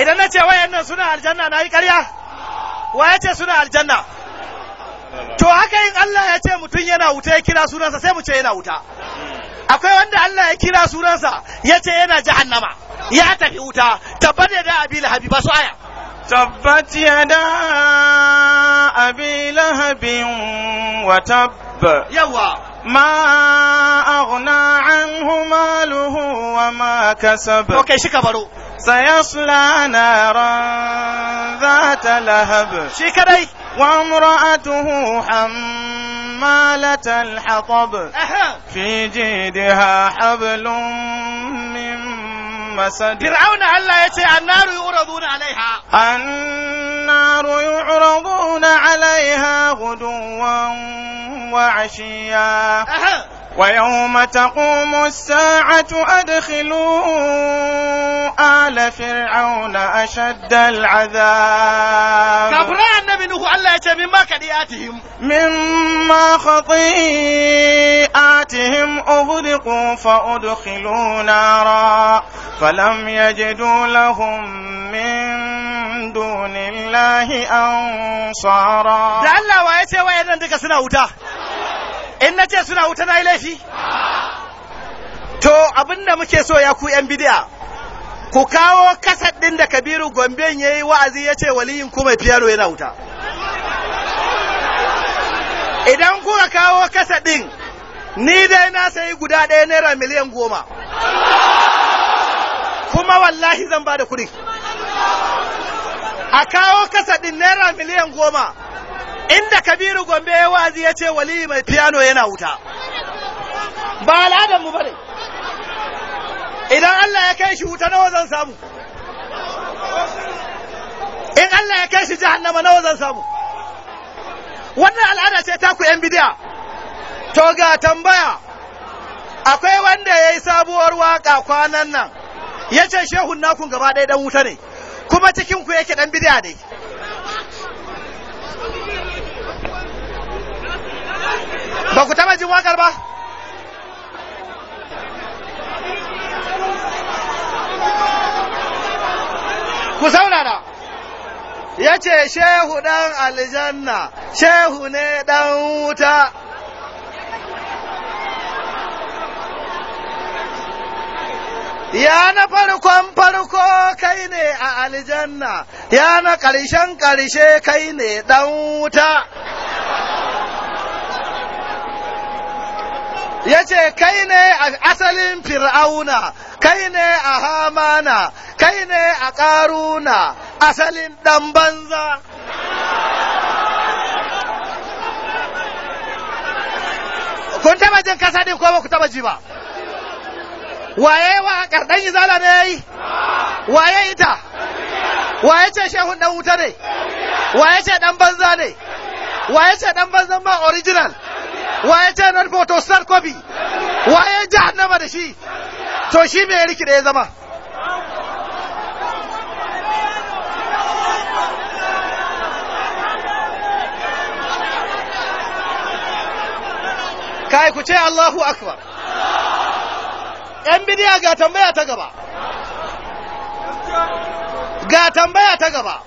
idan na ce nan suna aljanna na yi karya wa ya ce suna aljanna to haka in Allah ya ce mutum yana wuta ya kira sunansa sai mu ce yana wuta akwai wanda Allah ya kira sunansa ya ce yana jahannama ya tafi wuta tabbata da abi lahabi su aya tabbat yada abi lahabin wa tabbat الحب يلا ما أغنى عنه ماله وما كسب أوكي شكبرو سيصلى نارا ذات لهب شكري وامرأته حمالة الحطب في جيدها حبل من مسد فرعون الله يتي النار يعرضون عليها النار يعرضون عليها غدوا وعشيا ويوم تقوم الساعة أدخلوا آل فرعون أشد العذاب nuhu Allah ya ce min ma kadiatihim min ma khati'atihim ughriqu fa udkhilu nara falam yajidu lahum min dunillahi ansara da Allah wa ya ce duka suna wuta in na ce suna wuta na yi laifi to abinda muke so ya ku yan bid'a ku kawo kasad ɗin da kabiru gombe ya yi wa'azi ya ce ku mai fiyano yana wuta idan kuka kawo kasa ɗin ni dai na sayi guda ɗaya naira miliyan goma kuma wallahi zan ba da kuɗi a kawo kasa ɗin naira miliyan goma inda kabiru gombe ya wazi ya ce wali mai piano yana wuta ba al'adarmu ba ne idan allah ya kai shi wuta nawa zan samu in allah ya kai shi jihannama nawa zan samu wannan al'ada ce ta ku yan bidiya to ga tambaya akwai wanda ya yi sabuwar waka kwanan nan ya ce shehun nakun gaba ɗaya dan wuta ne kuma cikin ku yake dan bidiya ne ba ku taba jin wakar ba ku saurara ya ce shehu ɗan aljanna shehu ne ɗan wuta ya na farkon farko kai ne a aljanna ya na ƙarshen ƙarshe kai ne ɗan wuta ya ce kai ne a asalin fir'auna kai ne a hamana kai ne a ƙaruna asalin ɗan banza kun taba jin kasa ne ko ba ku taba ji ba waye wa kardan zala ne yayi waye ita waye ce shehun dan wuta ne waye ce dan banza ne waye ce dan banza ma original waye ce nan foto, star copy waye jahannama da shi to shi mai riki da ya zama kai ku ce Allahu akbar ‘yan bidiya ga tambaya ta gaba ga tambaya ta gaba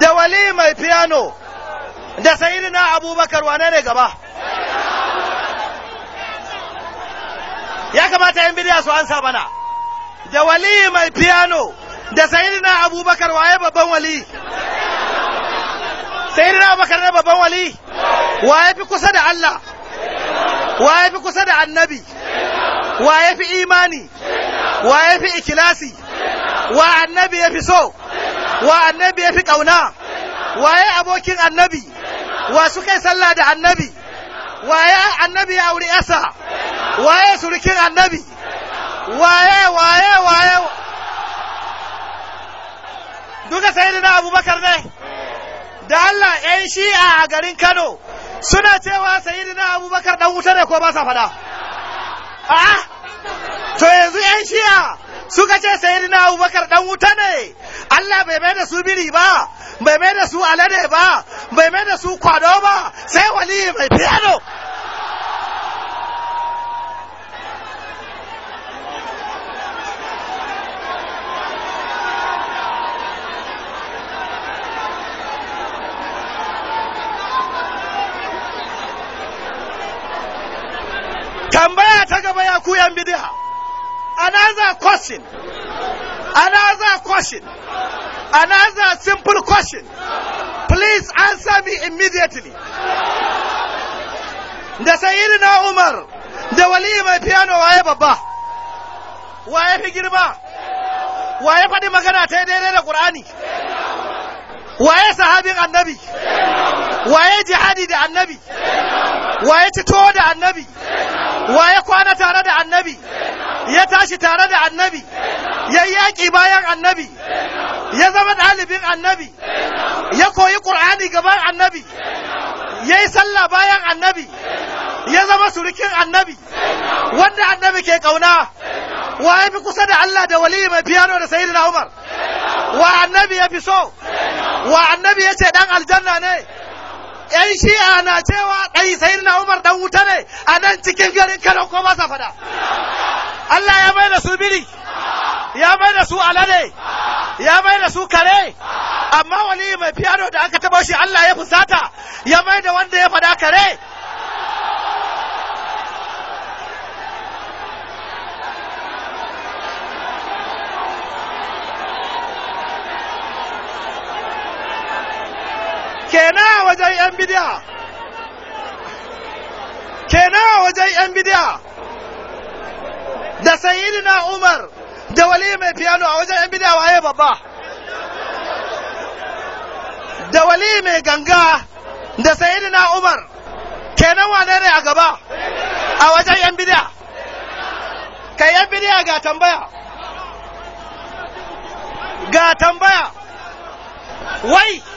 da wali mai piano da sayidina abubakar wane ne gaba ya kamata yan bidiya su ansa mana da wali mai piano da sayidina abubakar waye babban wali Sayidina abubakar ne babban wali waye fi kusa da Allah waye fi kusa da annabi waye fi imani waye fi ikilasi wa annabi ya fi so wa annabi ya fi ƙauna waye abokin annabi wa suka yi sallah da annabi waye annabi ya auri yasa waye surukin annabi waye waye waye duka sai da abubakar ne da Allah ‘yan shi'a a garin Kano suna cewa Sayyidina abubakar dan wuta ne ko ba sa fada a'a to yanzu ‘yan shi'a suka ce Sayyidina abubakar dan wuta ne Allah bai mai da su biri ba bai mai da su alade ba bai mai da su kwado ba sai wali mai fiyano ta gaba ya ku yan bidiha another question another question another simple question please answer me immediately da sayyidina umar da wali mai piano waye babba waye fi girma waye faɗi magana ta daidai da ƙur'ani waye sahabin annabi waye jihadi da annabi waye cito da annabi wa ya kwana tare da annabi ya tashi tare da annabi ya yi yaƙi bayan annabi ya zama ɗalibin annabi ya koyi ƙur'ani gaban annabi ya yi sallah bayan annabi ya zama surukin annabi wanda annabi ke ƙauna wa ya fi kusa da Allah da wali mai fiyano da sayidina Umar wa annabi ya fi so wa annabi ya ce ɗan aljanna ne yan shi'a na cewa ɗai sai na umar dan wuta ne a nan cikin garin kano ko ba sa fada Allah ya bai da su biri ya bai da su alale. ya bai da su kare amma wani mai fiyaro da aka taɓa shi Allah ya fusata ya mai da wanda ya fada kare kenan wajen yan bidiya kenan wajen yan bidiya da sayidina umar da wali mai piano a wajen yan bidiya waye babba da wali mai ganga da sayidina umar kenan wane ne a gaba a wajen yan bidiya kai yan bidiya ga tambaya ga tambaya wai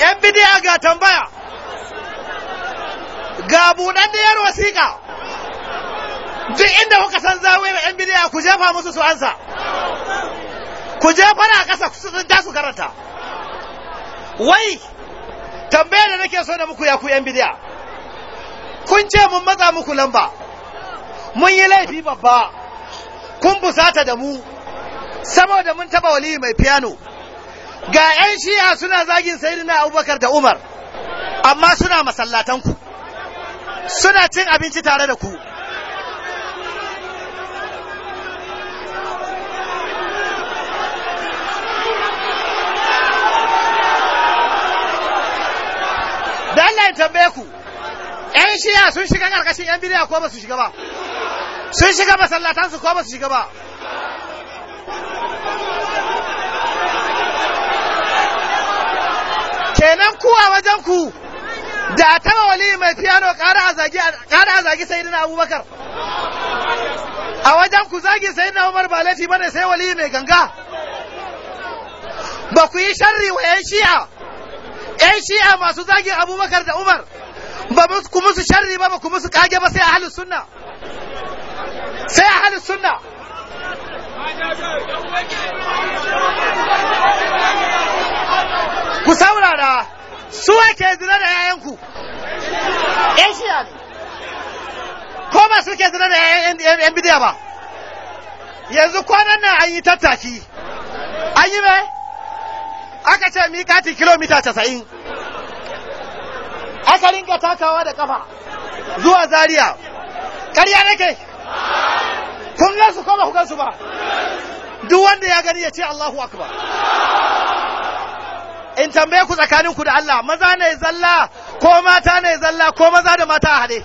‘yan bidiya ga tambaya, ga buɗaɗɗiyar wasiƙa, duk inda kuka san zawe ‘yan bidiya ku jefa musu su ansa, ku jefa na ƙasa su tsinta su karanta. Wai, tambaya da nake so da muku ya ku ‘yan bidiya, kun ce mun matsa muku lamba, mun yi laifi babba, kun busata da mu, saboda mun taɓa waliyu mai fiyano. ga 'yan shi'a suna zagin sayidina abubakar da umar amma suna masallatanku suna cin abinci tare da ku Dan Allah tambaye ku 'yan shi'a sun shiga ƙarƙashin 'yan bidiya ko ba su shiga ba sun shiga masallatansu ko ba su shiga ba kenan kuwa wajen ku da a taba wali mai fiyano ƙara a zagi sai dina abubakar a wajen ku zagi sai na umar ba laifi bane sai wali mai ganga ba ku yi sharri wa 'yan shi'a 'yan shi'a masu zagin abubakar da umar ba ku musu sharri ba ba ku musu kage ba sai a halin sunna sai a halin sunna ku saurara su ke zina da yayanku asia ne ko ba suke zina da yayan bidiya ba yanzu kwanan nan an yi tattaki an yi mai aka ce mikati kilomita casa'in aka rinka takawa da kafa zuwa Zariya. ƙarya nake kun gansu ko ba ku gansu ba duk wanda ya gani ya ce allahu akbar in tambaye ku tsakaninku da Allah maza ne zalla ko mata ne zalla ko maza da mata a haɗe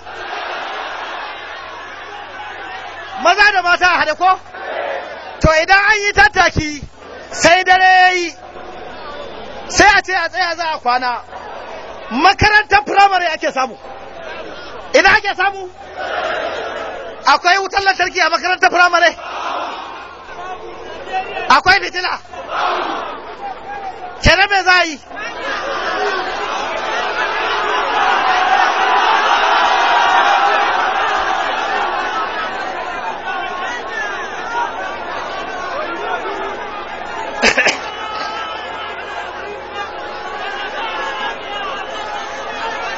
maza da mata a haɗe ko to idan an yi tattaki sai dare ya yi sai a ce a tsaya za a kwana makarantar firamare ake samu ina ake samu akwai wutar lantarki a makarantar firamare akwai fitila kere me za yi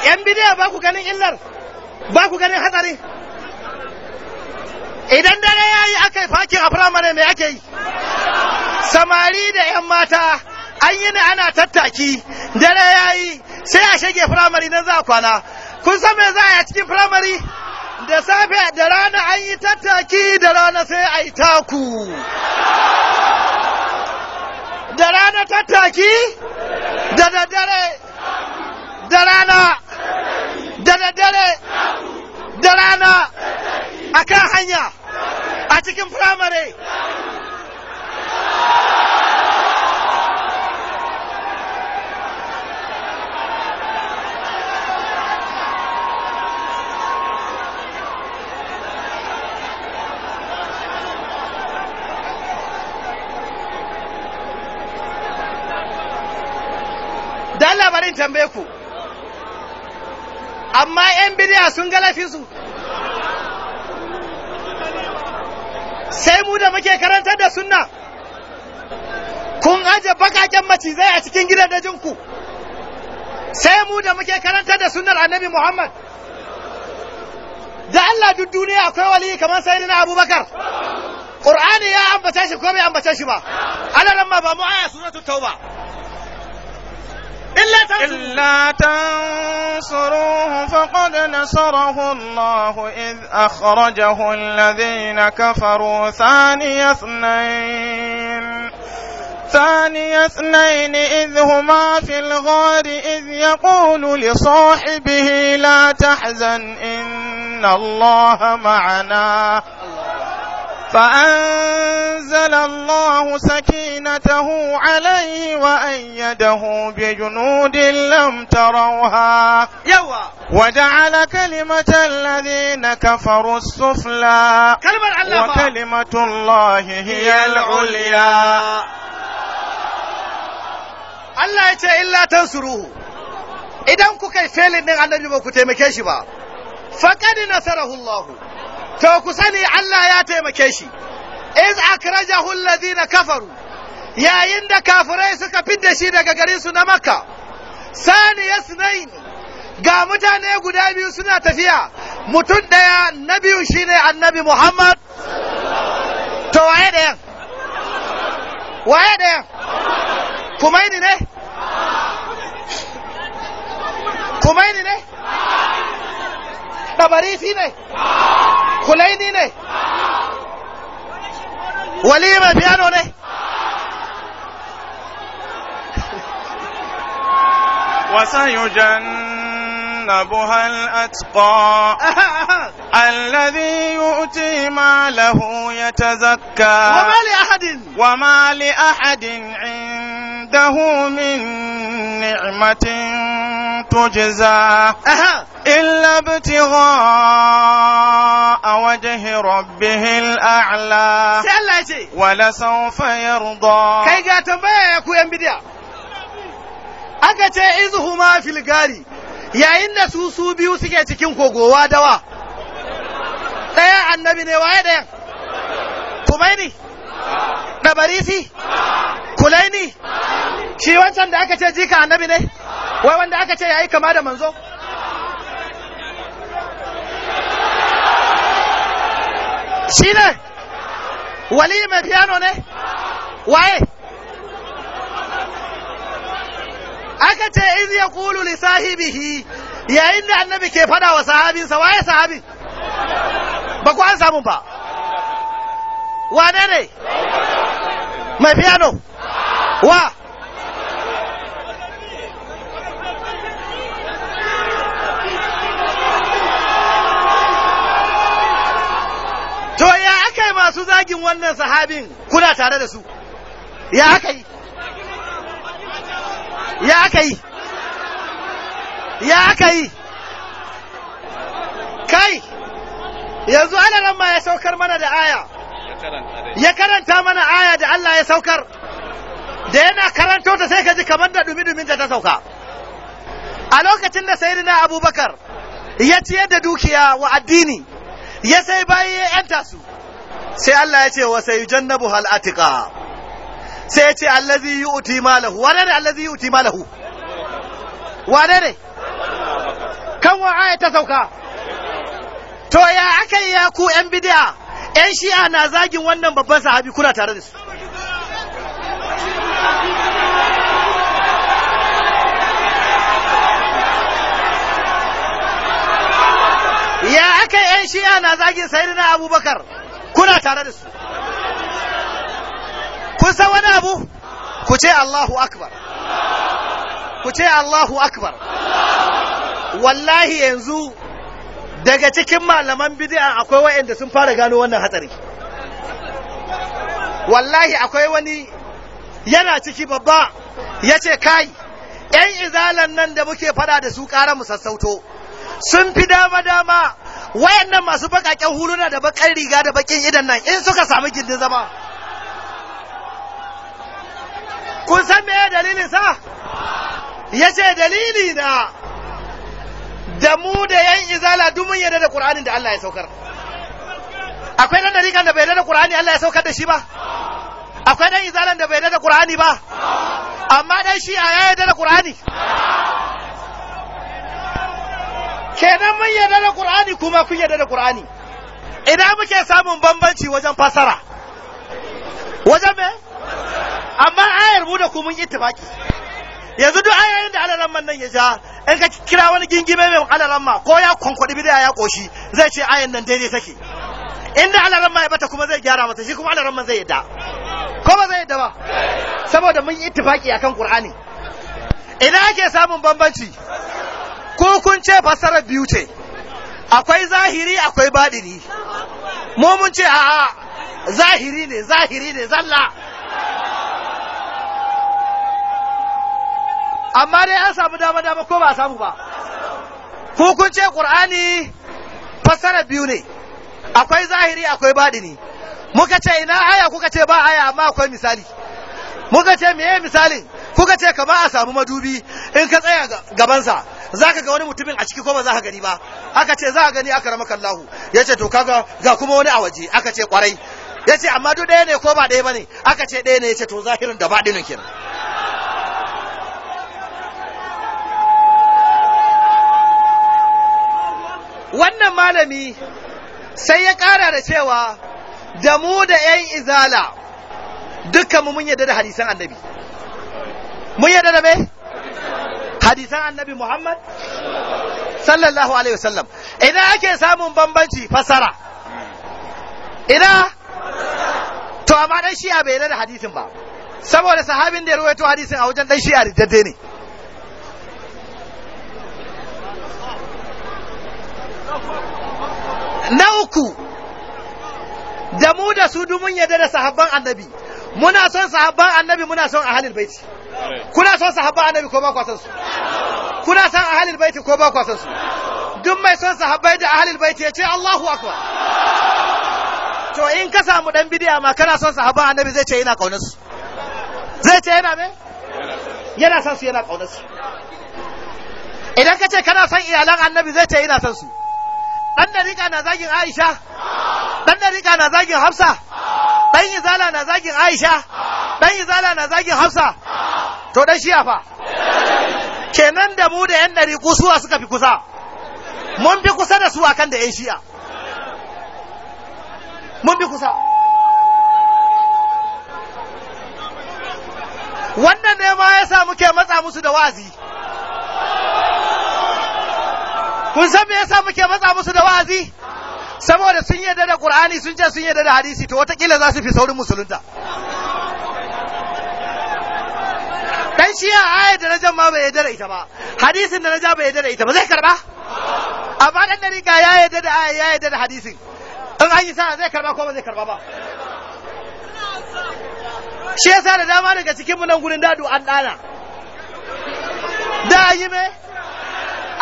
‘yan bidiya ba ku ganin illar ba ku ganin hatsari idan dare ya yi aka yi fakin a firamare mai ake yi samari da ‘yan mata an yi ne ana tattaki dare ya yi sai a shige firamari nan za kwana kun san me za a yi a cikin firamari da safe da rana an yi tattaki da rana sai a yi taku da rana tattaki da daddare da rana da daddare da rana a kan hanya a cikin firamare tambaye ku amma 'yan bidiya sun ga su sai mu da muke karantar da sunna kun aje bakaken macizai a cikin ku sai mu da muke karantar da sunnar annabi muhammad da Allah duk duniya akwai wali kamar sai na abubakar ƙur'ani ya ambace shi ko bai ambace shi ba alaran ba mu aya suratul tauba إلا, تنصروه فقد نصره الله إذ أخرجه الذين كفروا ثاني اثنين ثاني اثنين إذ هما في الغار إذ يقول لصاحبه لا تحزن إن الله معنا فأنزل الله سكينته عليه وأيده بجنود لم تروها وجعل كلمة الذين كفروا السفلى وكلمة الله هي العليا Allah ya ce illa tansuruhu idan kuka yi felin din annabi ba ku taimake shi ba faqad nasarahu to ku sani Allah ya taimake shi iz akrajahu alladhina kafaru yayin da kafirai suka fidda shi daga garin su na makka sani yasnain ga mutane guda biyu suna tafiya mutum daya na biyu shine annabi Muhammad to waye da waye da kumaini ne kumaini ne dabarifi ne kulaini ne وسيجنبها الأتقى الذي يؤتي ما له يتزكى وما لأحد وما لأحد عند عنده من نعمة تجزى إلا ابتغاء وجه ربه الأعلى ولسوف يرضى كي جاء تنبيه يا كوين بديا أكتا إذهما في الغاري yayin da su su biyu suke cikin kogowa dawa ɗaya annabi ne waye ɗayan kumaini ɗabarisi kulaini shi wancan da aka ce jika annabi ne wai wanda aka ce yayi kama da manzo shi ne wali mai piano ne waye aka ce in ya kulu li yayin da annabi ke fada wa sahabinsa waye sahabi ba ku an samu ba wane ne mai piano wa to ya aka yi masu zagin wannan sahabin kuna tare da su ya aka yi ya aka yi ya aka yi kai yanzu ana ma ya saukar mana da aya ya karanta mana aya da Allah ya saukar da yana karanto ta sai ka ji kamar da dumi-dumin ta sauka a lokacin da sayyidina abubakar ya ciyar da dukiya wa addini ya sai bayi ya yanta su sai Allah ya ce wa sai jannabu hal atiqa sai ya ce allazi yu'ti malahu wane ne allazi yu'ti malahu wane ne kan wa aya ta sauka to ya akai ya ku yan bidiya yan shi'a na zagin wannan babban sahabi kuna tare da su ya aka yi yan shi'a na zagin na abubakar kuna tare da su kun san wani abu ku ce allahu akbar ku ce allahu akbar wallahi yanzu daga cikin malaman bidiyan akwai wa'anda sun fara gano wannan hatsari wallahi akwai wani yana ciki babba ya ce kai ‘yan izalan nan da muke fada da su ƙara mu sassauto sun fi dama-dama wayannan masu baƙaƙen huluna da baƙar riga da baƙin idan nan in suka samu gindin zama kun san me dalilin sa ya ce dalili na da mu da ‘yan izala dumin yadda da ƙur'anin da Allah ya saukar akwai nan da da bai da ƙur'ani Allah ya saukar da shi ba akwai dan izalan da bai da Qur'ani ba amma dan shi a yayi da Qur'ani kenan mun yarda da Qur'ani kuma kun yarda da Qur'ani idan muke samun bambanci wajen fasara wajen me amma ayar mu da ku mun tabaki yanzu duk ayoyin da alalan man nan ya ja in ka kira wani gingime mai alalan ma ko ya kwankwadi bidiya ya koshi zai ce ayan nan daidai take inda alaran ma'aibata ya bata kuma zai gyara mata shi kuma alaran man zai yadda ko ba zai yadda ba saboda mun yi ittifaki akan qur'ani ina ake samun bambanci ko kun ce fasara biyu ce akwai zahiri akwai badiri mu mun ce a'a zahiri ne zahiri ne zalla amma dai an samu dama dama ko ba samu ba ce qur'ani fasara biyu ne akwai zahiri akwai baɗini muka ce ina aya kuka ce ba aya amma akwai misali muka ce meye misalin kuka ce kama a samu madubi in ka tsaya gabansa za ka ga wani mutumin a ciki ko ba za ka gani ba aka ce za a gani aka rama kallahu ya ce to kaga ga kuma wani a waje aka ce kwarai ya ce amma duk ɗaya ne ko ba ɗaya ba ne aka ce ɗaya ne ya ce to zahirin da baɗinin kenan wannan malami sai ya ƙara da cewa da mu da 'yan izala dukkan mu mun yadda da hadisan annabi mun yadda da mai? hadisan annabi muhammad sallallahu alaihi wasallam ina ake samun bambanci fasara ina to amma dan shi'a bai yadda da hadisin ba saboda sahabin da ya ruwaito hadisin a wajen dan shi'a riddade ne su dumin yadda da sahabban annabi muna son sahabban annabi muna son ahalil baiti kuna son sahabban annabi ko ba kwa su kuna son ahalil baiti ko ba kwa son su duk mai son sahabbai da ahalil baiti ya ce Allahu akbar to in ka samu dan bidiya ma kana son sahabban annabi zai ce yana kaunar su zai ce yana me yana son su yana kaunar su idan ka ce kana son iyalan annabi zai ce yana son su dan da rika na zagin Aisha dan dariƙa na zagin hafsa dan izala na zagin aisha dan izala na zagin hafsa to dan shiya fa kenan da mu da yan dariƙu suwa suka fi kusa mun fi kusa da su akan da yan shiya mun fi kusa wannan ne ma yasa muke matsa musu da wazi kun san me yasa muke matsa musu da wazi saboda sun yarda da Qur'ani sun ce sun yarda da hadisi to watakila za su fi saurin musulunta dan shi ya ayat da najan ma bai yarda da ita ba hadisin da najan bai yarda da ita ba zai karba amma dan dariƙa ya yarda da ayat ya yarda da hadisin in an yi sa zai karba ko ba zai karba ba shi yasa da dama daga cikin mu nan gurin dadu an dana da yi me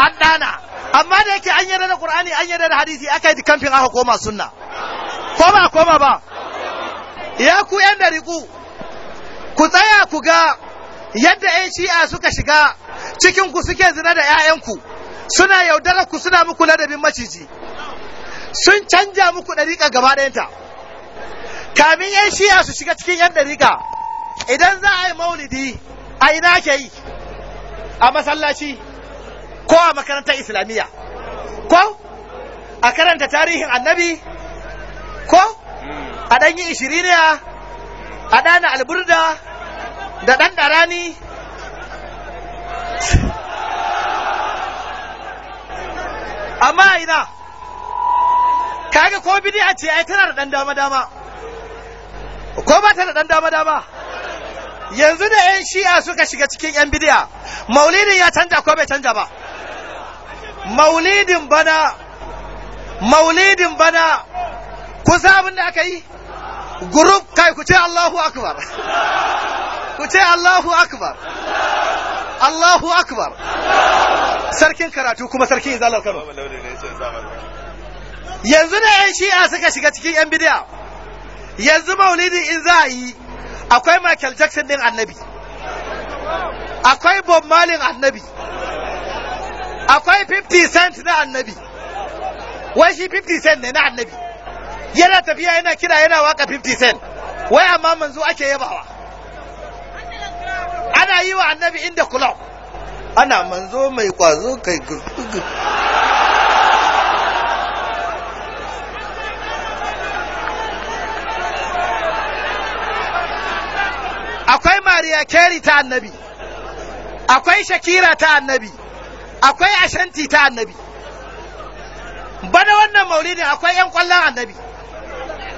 an dana amma da yake an yarda da Qur'ani an yarda da hadisi aka yi kamfin aka koma sunna ko ba koma ba ya ku yan dariku ku tsaya ku ga yadda yan shi'a suka shiga cikin ku suke zina da 'ya'yanku suna yaudarar ku suna muku ladabin maciji sun canja muku ɗariƙa gaba ɗayanta kamin yan shi'a su shiga cikin yan ɗariƙa idan za a yi maulidi a ina ke yi a masallaci ko a makarantar islamiyya ko a karanta tarihin annabi ko a ɗanyi ishiriniya a ɗana alburda da ɗan ɗarani amma ina kaga ko bidi'a ce ai tana da ɗan dama-dama ko ba ta da ɗan dama-dama yanzu da 'yan shi'a suka shiga cikin 'yan bidiya maulidin ya canja ko bai canja ba maulidin bana maulidin bana ku sa abin da aka yi group kai ku ce Allahu akbar ku ce Allahu akbar Allahu akbar sarkin karatu kuma sarkin izalar karo yanzu da yan shi'a suka shiga cikin yan bidiya yanzu maulidi in za a yi akwai Michael Jackson din annabi akwai Bob Marley annabi akwai 50 cent na annabi wai shi 50 cent ne na annabi yana tafiya yana kira yana waka 50 cent wai amma manzo ake yabawa ana yi wa annabi inda kula ana manzo mai kwazo kai akwai mariya keri ta annabi akwai shakira ta annabi akwai ashanti ta annabi bana wannan maulidin akwai 'yan kwallon annabi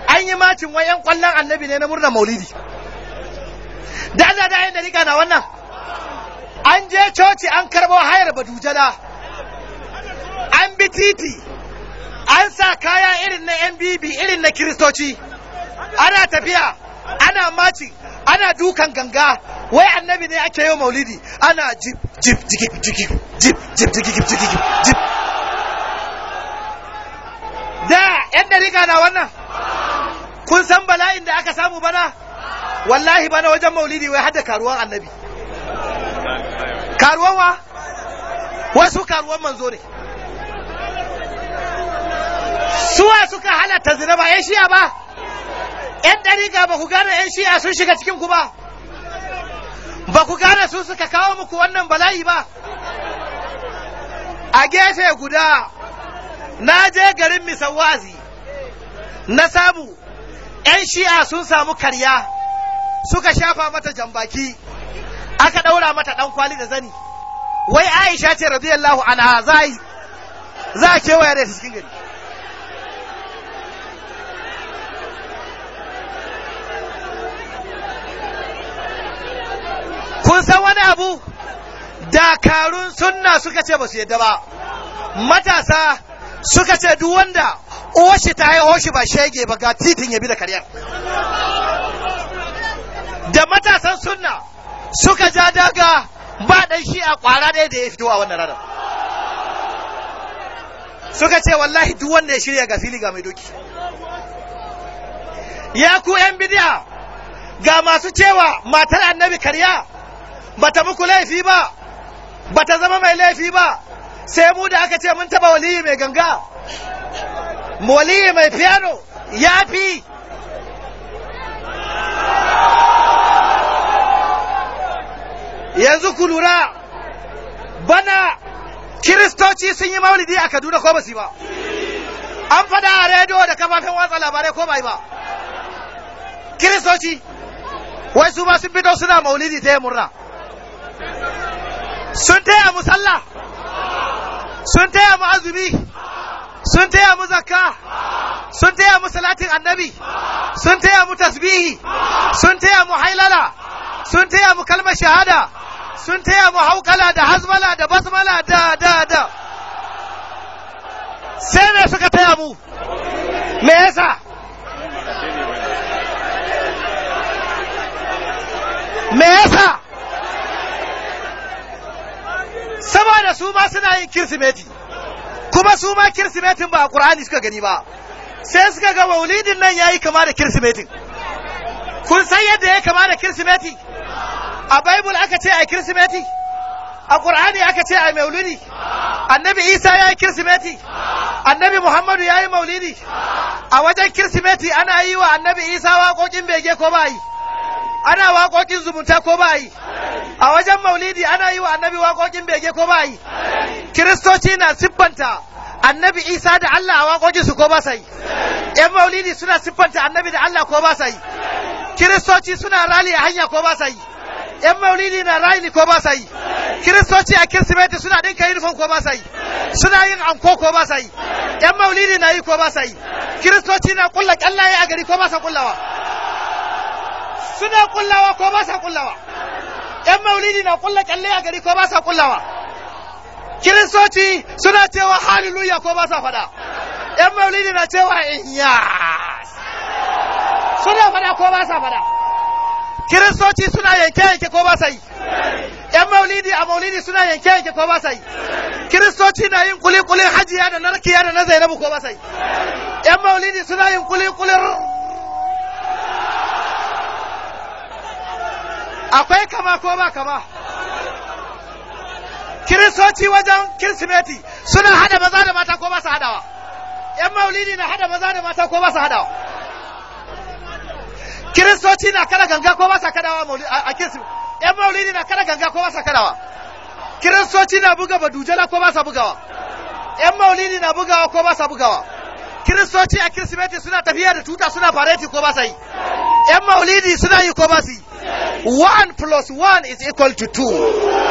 an yi macin wa 'yan kwallon annabi ne na murnar maulidi da Allah da da na wannan an je coci an karɓo hayar badujala an bi titi an sa kaya irin na yan bibi irin na kiristoci ana tafiya ana maci ana dukan ganga wai annabi ne ake yi maulidi ana jip jip jip jip jip jip jip jip jip da yan dari na wannan kun san bala'in da aka samu bana wallahi bana wajen maulidi wai hada karuwan annabi karuwan wa wasu karuwan manzo ne suwa suka halatta zina ba ya shiya ba 'yan ɗariƙa ba ku gane 'yan shi'a sun shiga cikin ku ba ba ku gane su suka kawo muku wannan bala'i ba a gefe guda na je garin misawazi na samu 'yan shi'a sun samu karya suka shafa mata jambaki aka ɗaura mata ɗan kwali da zani wai aisha ce radiyallahu anha za a kewaye da cikin gari kun san wani abu dakarun sunna suka ce ba su yadda ba matasa suka ce duk wanda oshi ta haihu shi ba shege ba ga titin ya bi da karyar da matasan sunna suka ja daga ba dan shi a kwara ɗaya da ya fito a wannan ranar suka ce wallahi duk wanda ya shirya ga fili ga mai doki ya ku yan bidiya ga masu cewa matar annabi karya bata muku laifi ba bata zama mai laifi ba sai mu da aka ce mun taba waliyi mai ganga waliyi mai piano ya fi yanzu ku lura bana kiristoci sun yi maulidi a kaduna ko basu ba an fada a rediyo da kafafen watsa labarai ko bai ba kiristoci wai su ma sun fito suna maulidi ta yi murna sun taya mu sallah sun taya mu azumi sun taya mu zakka sun taya mu salatin annabi sun taya mu tasbihi sun taya mu hailala sun taya mu kalmar shahada sun taya mu haukala da hazmala da basmala da da da sai me suka taya mu me yasa me yasa saboda su ma suna yin kirsimeti kuma su ma kirsimetin ba a ƙur'ani suka gani ba sai suka ga maulidin nan ya yi kama da kirsimetin kun san yadda ya kama da kirsimeti a baibul aka ce a kirsimeti a ƙur'ani aka ce a maulidi annabi isa ya yi kirsimeti annabi muhammadu ya yi maulidi a wajen kirsimeti ana yi wa annabi isa waƙoƙin bege ko ba yi ana waƙoƙin zumunta ko ba yi a wajen maulidi ana yi wa annabi waƙoƙin bege ko ba yi kiristoci na siffanta annabi isa da allah a waƙoƙinsu ko ba sai. yan maulidi suna siffanta annabi da allah ko ba sai. kiristoci suna rali a hanya ko ba sai. yan maulidi na rali ko ba sai. kiristoci a kirsimeti suna dinka yin ko ba sai. suna yin anko ko ba sai. yan maulidi na yi ko ba sai. kiristoci na kulla kyallaye a gari ko ba sa kullawa suna kullawa ko ba sa kullawa 'yan maulidi na kulla kyalle a gari ko ba sa kullawa kiristoci suna cewa haliluya ko ba sa faɗa 'yan maulidi na cewa inya suna faɗa ko ba sa faɗa kiristoci suna yanke yanke ko ba sa yi ‘yan maulidi a maulidi suna yanke yanke ko ba sa yi kiristoci na yin kuli kulin hajiya da narkiya da na zainabu ko ba sa yi ‘yan maulidi suna yin kuli kulin akwai kama ko ba kama kiristoci wajen kirsimeti suna hada maza da mata ko ba su hadawa yan maulidi na hada maza da mata ko ba su hadawa kiristoci na kada ganga ko ba su kadawa a kirsimeti yan maulidi na kada ganga ko ba su kadawa kiristoci na buga badujala ko ba su bugawa yan maulidi na bugawa ko ba su bugawa kiristoci a kirsimeti suna tafiya da tuta suna fareti ko ba su yi yan maulidi suna yi ko ba su yi 1 plus 1 is equal to 2.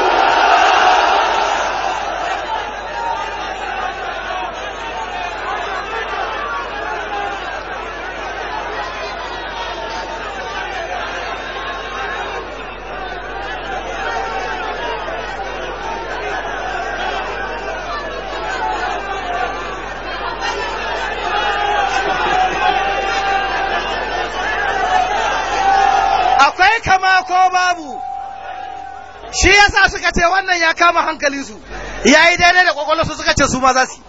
suka ce wannan ya kama hankalinsu ya yi daidai da kwakwalwarsu suka ce su ma za su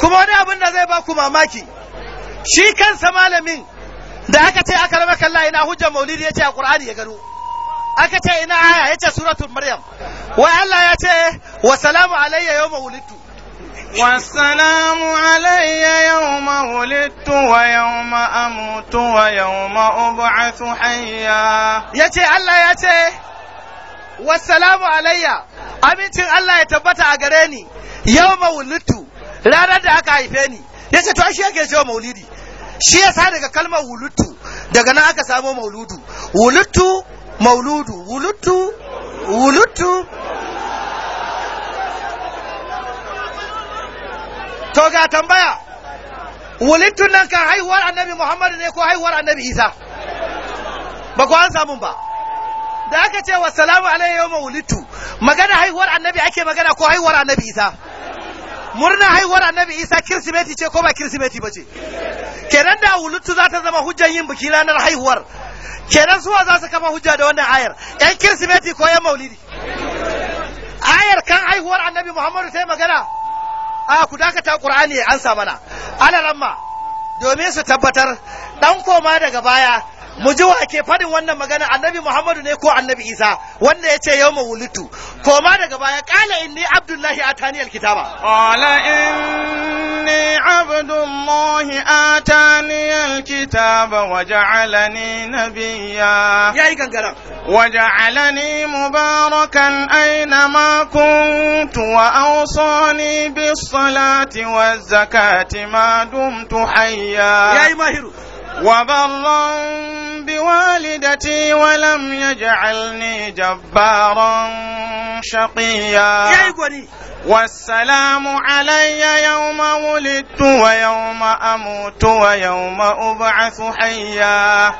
kuma wani abin da zai ba ku mamaki shi kansa malamin da aka ce aka rama kalla ina hujjar maulidi ya ce a qur'ani ya gano aka ce ina aya ya ce suratul maryam wai allah ya ce wa salamu alayya yawma wulidtu والسلام علي يوم ولدت ويوم أموت ويوم أبعث حيا يتي الله يتي wassalamu alayya amincin Allah ya tabbata a gare ni yau mawulutu ranar da aka haife ni ya ce to shi yake ce maulidi shi ya sa daga kalmar wulutu daga nan aka samo mauludu wulutu mauludu wulutu wulutu to ga tambaya wulutun nan kan haihuwar annabi muhammadu ne ko haihuwar annabi isa ba ku an samun ba da aka ce wa salamu alayhi yau maulitu magana haihuwar annabi ake magana ko haihuwar annabi isa murna haihuwar annabi isa kirsimeti ce ko ba kirsimeti ba ce kenan da wulutu za ta zama hujjan yin biki ranar haihuwar kenan suwa za su kama hujja da wannan ayar yan kirsimeti ko yan maulidi ayar kan haihuwar annabi muhammadu ta yi magana a ku dakata qur'ani an ansa mana alaramma domin su tabbatar dan koma daga baya mu ji wa ke faɗin wannan magana annabi muhammadu ne ko annabi isa wanda ya ce yau ko koma daga baya kala inni abdullahi a taniyar kitaba ƙala inni abdullahi a taniyar wa ja'alani nabiya ya yi gangara wa ja'alani mubarakan aina ma kuntu wa awsani bis salati wa zakati ma dumtu hayya ya mahiru وبرا بوالدتي ولم يجعلني جبارا شقيا والسلام علي يوم ولدت ويوم أموت ويوم أبعث حيا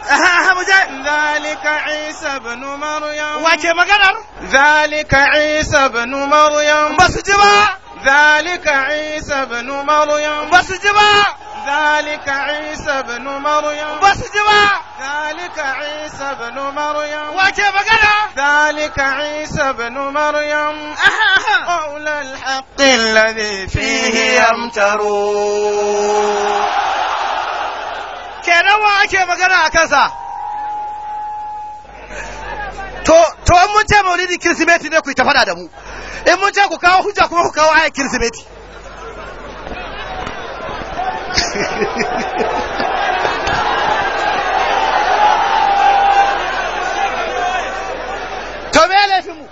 ذلك عيسى بن مريم ذلك عيسى بن مريم ذلك عيسى بن مريم ذلك عيسى بن مريم بس جماعة ذلك عيسى بن مريم واجب قنا ذلك عيسى بن مريم قول الحق الذي فيه يمترون kenan wa ake magana to to mun ce maulidi kirsimeti ne ku ta fada da mu in mun ce ku kawo hujja kuma ku kawo ayat kirsimeti to me laifin mu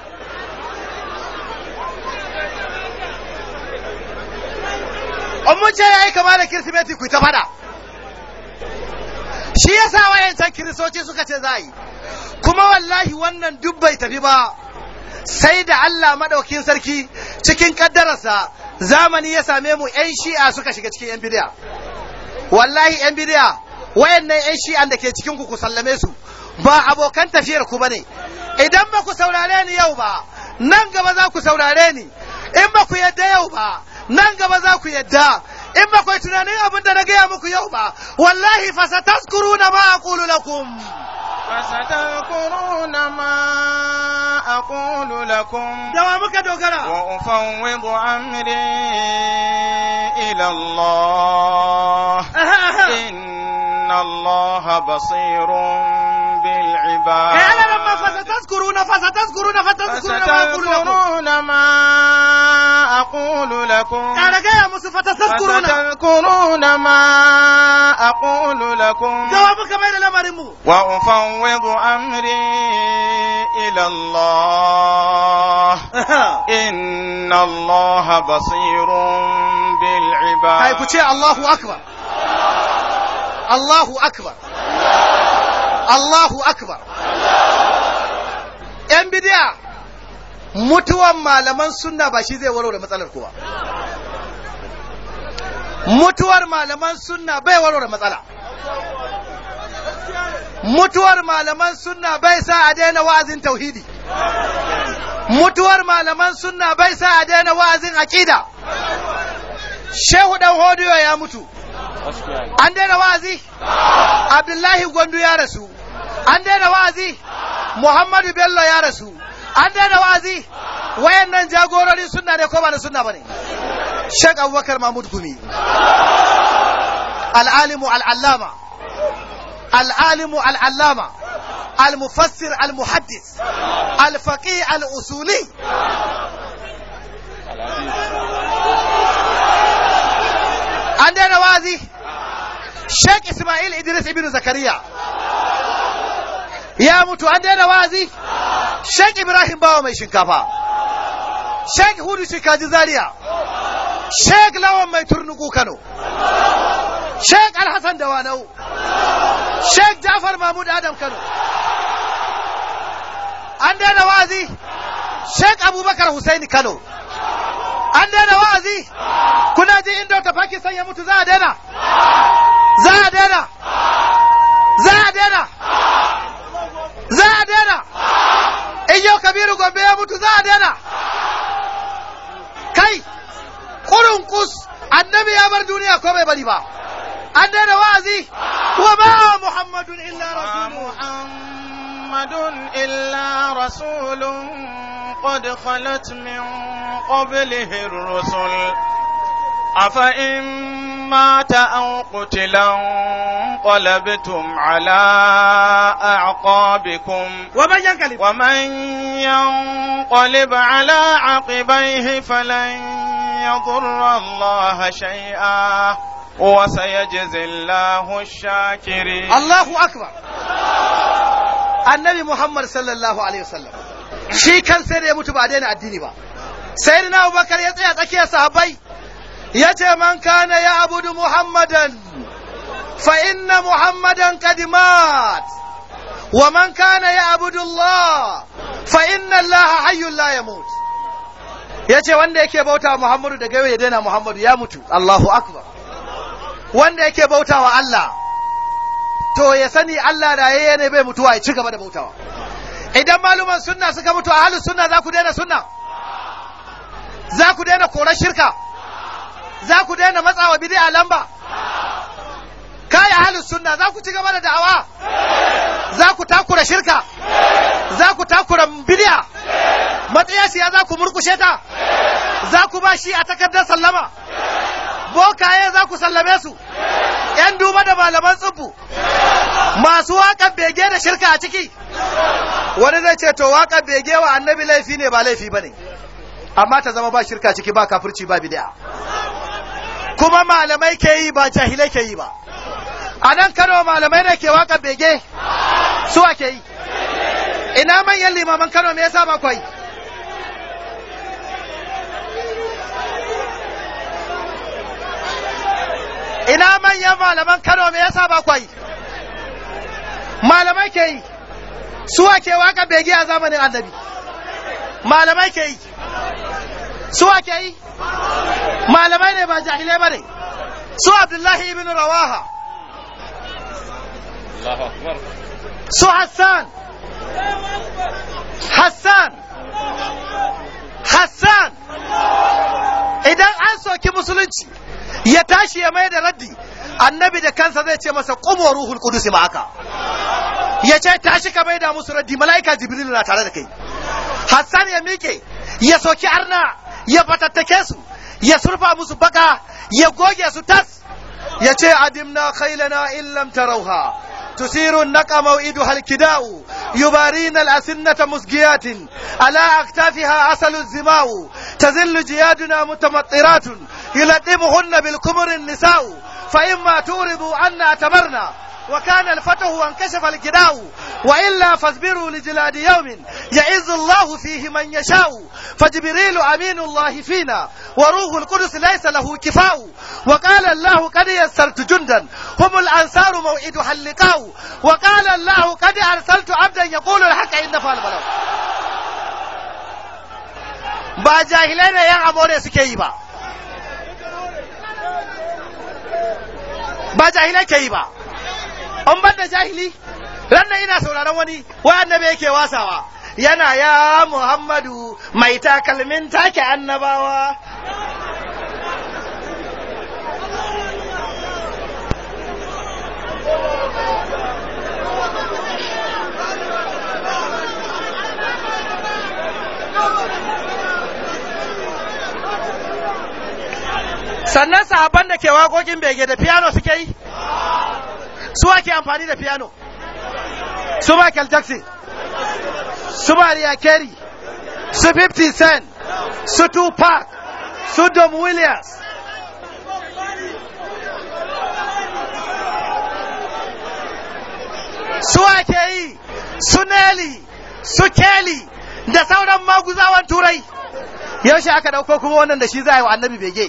kama da kirsimeti ku ta fada shi yasa wayancan kiristoci suka ce za yi kuma wallahi wannan duk bai tafi ba sai da Allah maɗaukin sarki cikin ƙaddararsa. zamani ya same mu yan shi'a suka shiga cikin yan bidiya wallahi yan bidiya wayannan yan shi'an da ke cikin ku ku sallame su ba abokan tafiyar ku bane idan ba ku saurare ni yau ba nan gaba za ku saurare ni in ba ku yadda yau ba nan gaba za ku yadda in ba ku tunanin abin da na gaya muku yau ba wallahi taskuru na ma aqulu lakum فستذكرون ما أقول لكم وأفوض أمري إلى الله إن الله بصير بالعباد قال إيه، لما فستذكرون فستذكرون فتذكرون ما أقول لكم قال يا موسى فتذكرون فتذكرون ما أقول لكم جوابك ما إلى مرمو وأفوض أمري إلى الله إن الله بصير بالعباد هاي الله أكبر الله أكبر Allahu akbar ‘yan bidiya mutuwan malaman sunna ba shi zai warware matsalar kowa mutuwar malaman sunna bai warware matsala mutuwar malaman sunna bai sa a daina wa'azin tauhidi mutuwar malaman sunna bai sa a daina wa'azin aƙida shehu ɗan hodiyo ya mutu an daina wa'azi abdullahi gwandu ya rasu an daina wa'azi muhammadu bello ya rasu an daina wa'azi nan jagorori suna ne ko ba na ba ne? Sheikh Abubakar Mahmud Gumi Al-alimu Al'alimu allama Al-alimu al-allama المفسر المحدث الفقيه الأصولي alfazi Sheikh Ismail Idris ibn Zakariya ya mutu an daina wazi Sheikh Ibrahim Bawa mai shinkafa Sheikh Hudu Shikaji Zaria Sheikh Lawan mai turnuku Kano Sheikh Alhassan Dawanau Sheikh Jafar Mahmud Adam Kano an daina wazi Sheikh Abubakar Hussaini Kano an daina wa'azi kuna ji inda ta faki sanya mutu za a daina za a daina za a daina za a daina in yau kabiru gombe ya mutu za a daina kai kurun kus annabi ya bar duniya ko bai bari ba an daina wa'azi wa ma muhammadun illa rasulun محمد إلا رسول قد خلت من قبله الرسل أفإن مات أو قتلا انقلبتم على أعقابكم ومن ينقلب, ومن ينقلب على عقبيه فلن يضر الله شيئا وسيجزي الله الشاكرين الله أكبر النبي محمد صلى الله عليه وسلم shi kan sai da ya mutu ba daina addini ba sai na abubakar ya tsaya tsakiyar sahabbai ya ce man kana ya abudu muhammadan fa muhammadan kadimat wa man kana ya abudu allah fa allah hayyun la yamut ya ce wanda yake bauta muhammadu daga yau ya daina muhammadu ya mutu allahu wanda yake bautawa Allah to ya sani Allah da yayi ne bai mutuwa ya ci gaba da bautawa idan maluman sunna suka mutu a halin sunna za ku daina sunna za ku daina kora shirka za ku daina matsawa bid'a lamba kai halin sunna za ku ci gaba da da'awa za ku takura shirka za ku takura bid'a matsayasiya za ku murkushe ta za ku ba shi a takardar sallama bokaye za ku sallame su ‘yan duba da malaman tsubu masu waƙan bege da shirka a ciki wani zai ce to waƙan bege wa annabi laifi ne ba laifi ba ne amma ta zama ba shirka ciki ba kafirci ba bid'a kuma malamai ke yi ba jahilai ke yi ba a nan kano malamai ne ke waƙan bege suwa ke yi ina manyan limaman kano me yasa ba kwai ina manyan malaman Kano me yasa ba kwai malamai ke yi su ake waka bege a zamanin annabi malamai ke yi su ake yi malamai ne ba jahile ba ne su abdullahi ibn rawaha su hassan hassan hassan idan an soki musulunci ya tashi ya mai da raddi annabi da kansa zai ce masa qumu ruhul ma aka. ya ce tashi ka mai da musu raddi mala'ika jibril na tare da kai hassan ya miƙe ya soki arna ya fatattake su ya surfa musu baka ya goge su tas ya ce adimna khailana illam tarauha تثير النقى موئدها الكداء يبارين الأسنة مسجيات على أكتافها أسل الزماء تزل جيادنا متمطرات يلطمهن بالكمر النساء فإما توربوا أن أتمرنا وكان الفتح وانكشف الجداء وإلا فاصبروا لجلاد يوم يعز الله فيه من يشاء فجبريل أمين الله فينا وروح القدس ليس له كفاء وقال الله قد يسرت جندا هم الأنصار موعدها اللقاء وقال الله قد أرسلت عبدا يقول الحق إن فعل بلو ba jahilai ne yan amore suke yi ba ba jahilai ke yi ba an ban da jahili ranar ina sauraron wani wai annabi yake wasawa yana ya muhammadu mai takalmin take annabawa sannan sahabban da ke waƙoƙin bege da piano suke yi su ake amfani da piano su michael jackson su mariah carey su 50 cent su tupac su dom williams su ake yi su neli su keli da sauran maguzawan turai yaushe aka dauko kuma wannan da shi za a yi wa annabi bege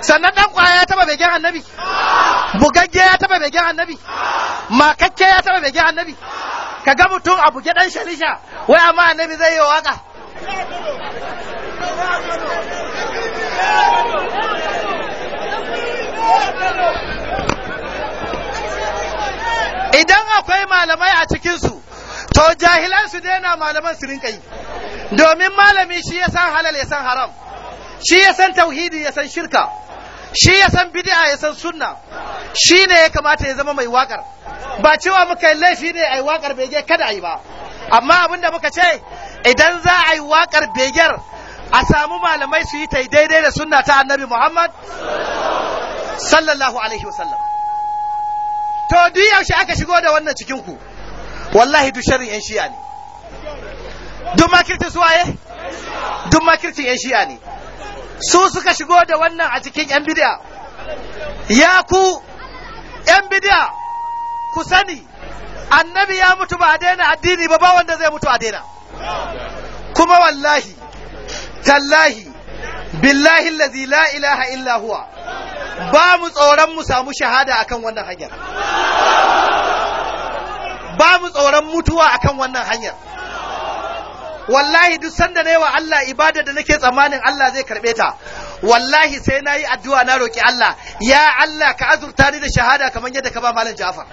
sannan dan kwaya ya taba begen annabi bugagge ya taba begen annabi makakke ya taba begen annabi ka ga mutum a buge dan shalisha wai amma annabi zai yi waka idan akwai malamai a cikinsu to jahilan su daina malaman su rinka yi domin malami shi ya san halal ya san haram shi ya san tauhidi ya san shirka shi ya san bid'a ya san sunna shi ne ya kamata ya zama mai wakar ba cewa muka yi laifi ne a yi wakar bege kada a yi ba amma abinda muka ce idan za a yi wakar beger a samu malamai su yi ta daidai da sunna ta annabi muhammad sallallahu alaihi wasallam to duk yaushe aka shigo da wannan cikin ku wallahi duk sharrin yan shi'a ne duk makircin suwaye duk makircin yan shi'a ne su suka shigo da wannan a cikin 'yan bidiya ya ku 'yan bidiya ku sani annabi ya mutu ba a daina addini ba ba wanda zai mutu a daina kuma wallahi tallahi billahi lazi la ilaha illa huwa ba mu tsoron mu samu shahada akan wannan hanyar ba mu tsoron mutuwa akan wannan hanyar wallahi duk sanda na yi wa Allah ibada da nake tsammanin Allah zai karɓe ta wallahi sai na yi addu'a na roƙi Allah ya Allah ka azurta ni da shahada kamar yadda ka ba malam Ja'far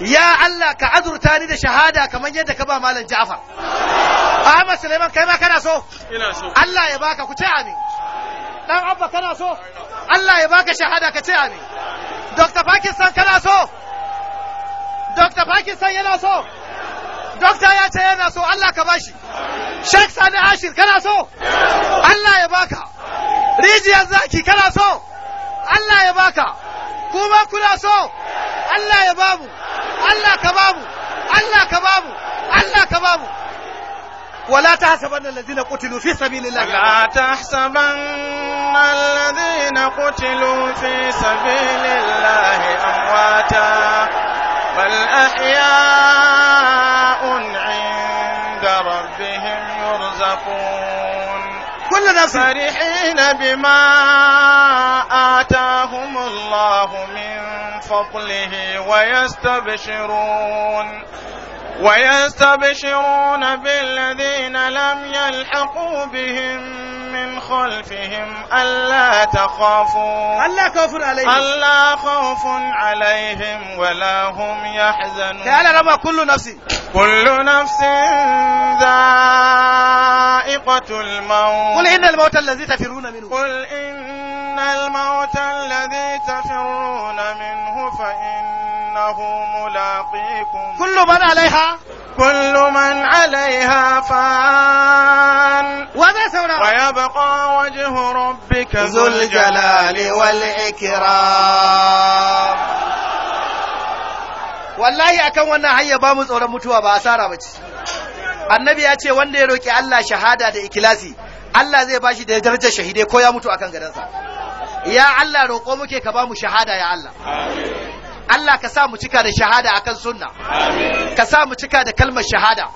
ya Allah ka azurta ni da shahada kamar yadda ka ba malam Ja'far Ahmad Suleiman kai ma kana so ina so Allah ya baka ku ce amin dan abba kana so Allah ya baka shahada ka ce amin Dr. Pakistan kana so Dr. Pakistan yana so dokta ya ce yana so Allah ka bashi Sheikh Sani Ashir kana so Allah ya baka rijiyar zaki kana so Allah ya baka kuma kuna so Allah ya bamu Allah ka bamu Allah ka bamu Allah ka bamu ولا تحسبن الذين قتلوا في سبيل الله ولا تحسبن الذين قتلوا في سبيل الله أمواتا بل أحياء فرحين بما آتاهم الله من فضله ويستبشرون ويستبشرون بالذين لم يلحقوا بهم من خلفهم ألا تخافوا ألا خوف عليهم ألا خوف عليهم ولا هم يحزنون تعالى ربا كل نفس كل نفس ذائقة الموت قل إن الموت الذي تفرون منه قل إن الموت الذي تفرون منه فإن أنه ملاقيكم كل من عليها كل من عليها فان ويبقى وجه ربك ذو الجلال والإكرام wallahi akan wannan hanya bamu tsoron mutuwa ba asara ba annabi ya ce wanda ya roki Allah shahada da ikilasi Allah zai bashi da darajar shahidai ko ya mutu akan gadansa ya Allah roƙo muke ka bamu shahada ya Allah Allah ka sa mu cika da shahada akan sunna ka sa mu cika da kalmar shahada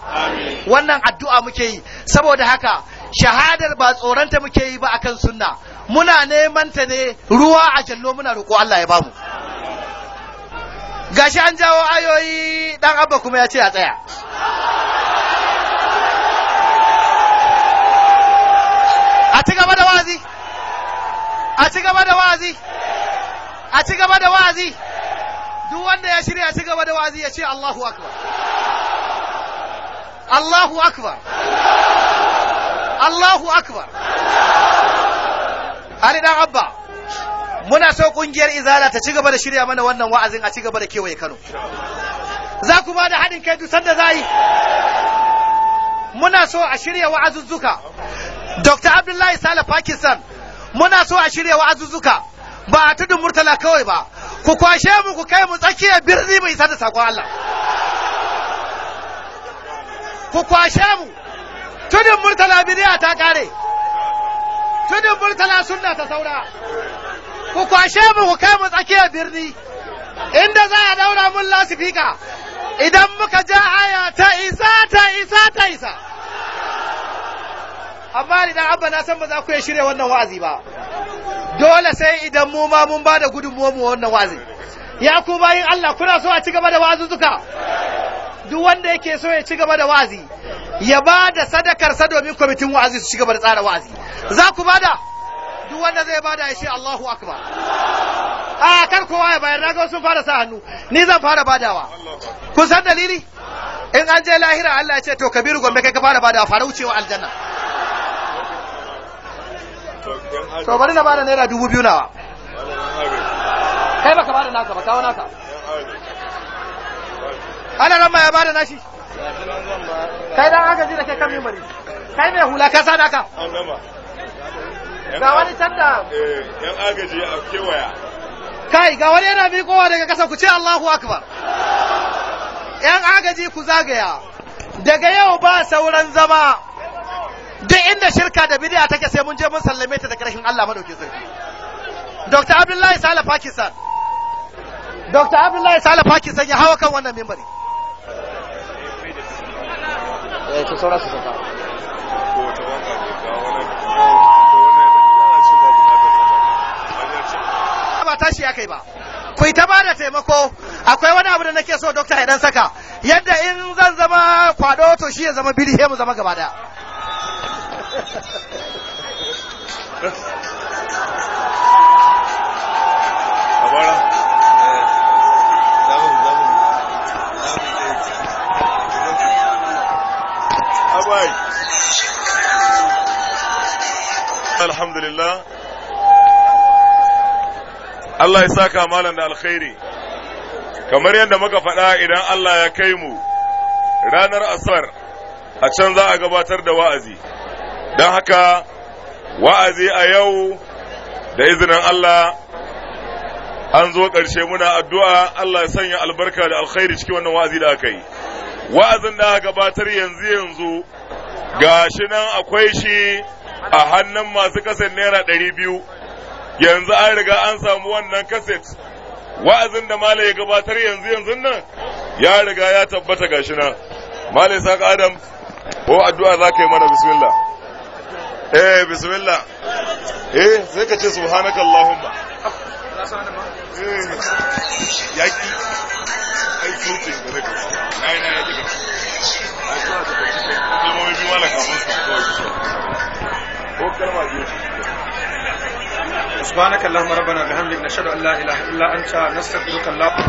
wannan addu'a muke yi saboda haka shahadar ba tsoronta muke yi ba akan sunna muna neman ta ne ruwa a jallo muna roƙo Allah ya bamu gashi an jawo ayoyi dan abba kuma ya ce a tsaya a ci gaba da wazi a ci gaba da wazi a ci gaba da wazi duk wanda ya shirya ci gaba da wazi ya ce Allahu akbar Allahu akbar Allahu akbar Ali dan Abba muna so kungiyar Izala ta ci gaba da shirya mana wannan wa'azin a ci gaba da kewaye Kano za ku ba da haɗin kai dusar da za yi muna so a shirya wa'azuzzuka Dr. Abdullahi Sale Pakistan muna so a shirya wa'azuzzuka ba a tudun murtala kawai ba ku kwashe mu ku kai mu tsakiyar birni mu isa da sakon Allah ku kwashe mu tudun murtala bidiya ta ƙare. tudun murtala sunna ta saura ku kwashe mu ku kai mu tsakiyar birni inda za a daura mun lasifika idan muka ja aya ta isa ta isa ta isa amma idan abba na san ba za ku iya shirya wannan wa'azi ba dole sai idan mu ma mun ba da gudunmuwar mu wannan wa'azi ya ku bayin Allah kuna so a ci gaba da wa'azuzzuka duk wanda yake so ya ci gaba da wa'azi ya ba da sadakarsa domin kwamitin wa'azi su ci gaba da tsara wa'azi za ku ba da duk wanda zai bada ya ce Allahu akbar a kar kowa ya bayar ragon sun fara sa hannu ni zan fara badawa kun san dalili in an je lahira Allah ya ce to kabiru gombe kai ka fara badawa fara wucewa aljanna to bari na bada naira dubu biyu nawa kai baka bada nasa ba kawo nasa ana ramma ya bada nashi kai dan aka ji da kai kan mimbari kai mai hula ka sa naka ga wani tanda yan agaji a kewaya kai ga wani yana miƙowa daga ƙasa ku ce Allahu akbar yan agaji ku zagaya daga yau ba sauran zama duk inda shirka da bidiya take sai mun je mun sallame ta da karshen Allah madaukin sarki Dr. Abdullahi Sala Pakistan Dr. Abdullahi Sala Pakistan ya hawa kan wannan mimbari eh, ba ta shi ba ya kai ba ku ta ba da taimako akwai wani abu da nake so dokta ya dan saka yadda in zan zama kwado to shi ya zama biri mu zama gaba daya alhamdulillah Allah ya saka malam da alkhairi kamar yadda muka faɗa idan Allah ya kai mu ranar asar a can za a gabatar da wa'azi don haka wa'azi a yau da izinin Allah an zo ƙarshe muna addu'a Allah sanya albarka da alkhairi cikin wannan wa'azi da aka yi wa'azin da gabatar yanzu yanzu ga nan akwai shi a hannun masu kaset naira ɗari biyu yanzu an riga an samu wannan kaset wa'azin da malai ya gabatar yanzu yanzu nan ya riga ya tabbata ga shi nan malai saka adam ko addu'a za ka yi mana bismillah eh bismillah eh sai ka ce subhanaka allahumma yaki ai tuce da rika ai na yaki ka ai to da ka ce kuma mai biwa la kamun ka ko ko karma ji سبحانك اللهم ربنا بحمدك نشهد ان لا اله الا انت نستغفرك اللهم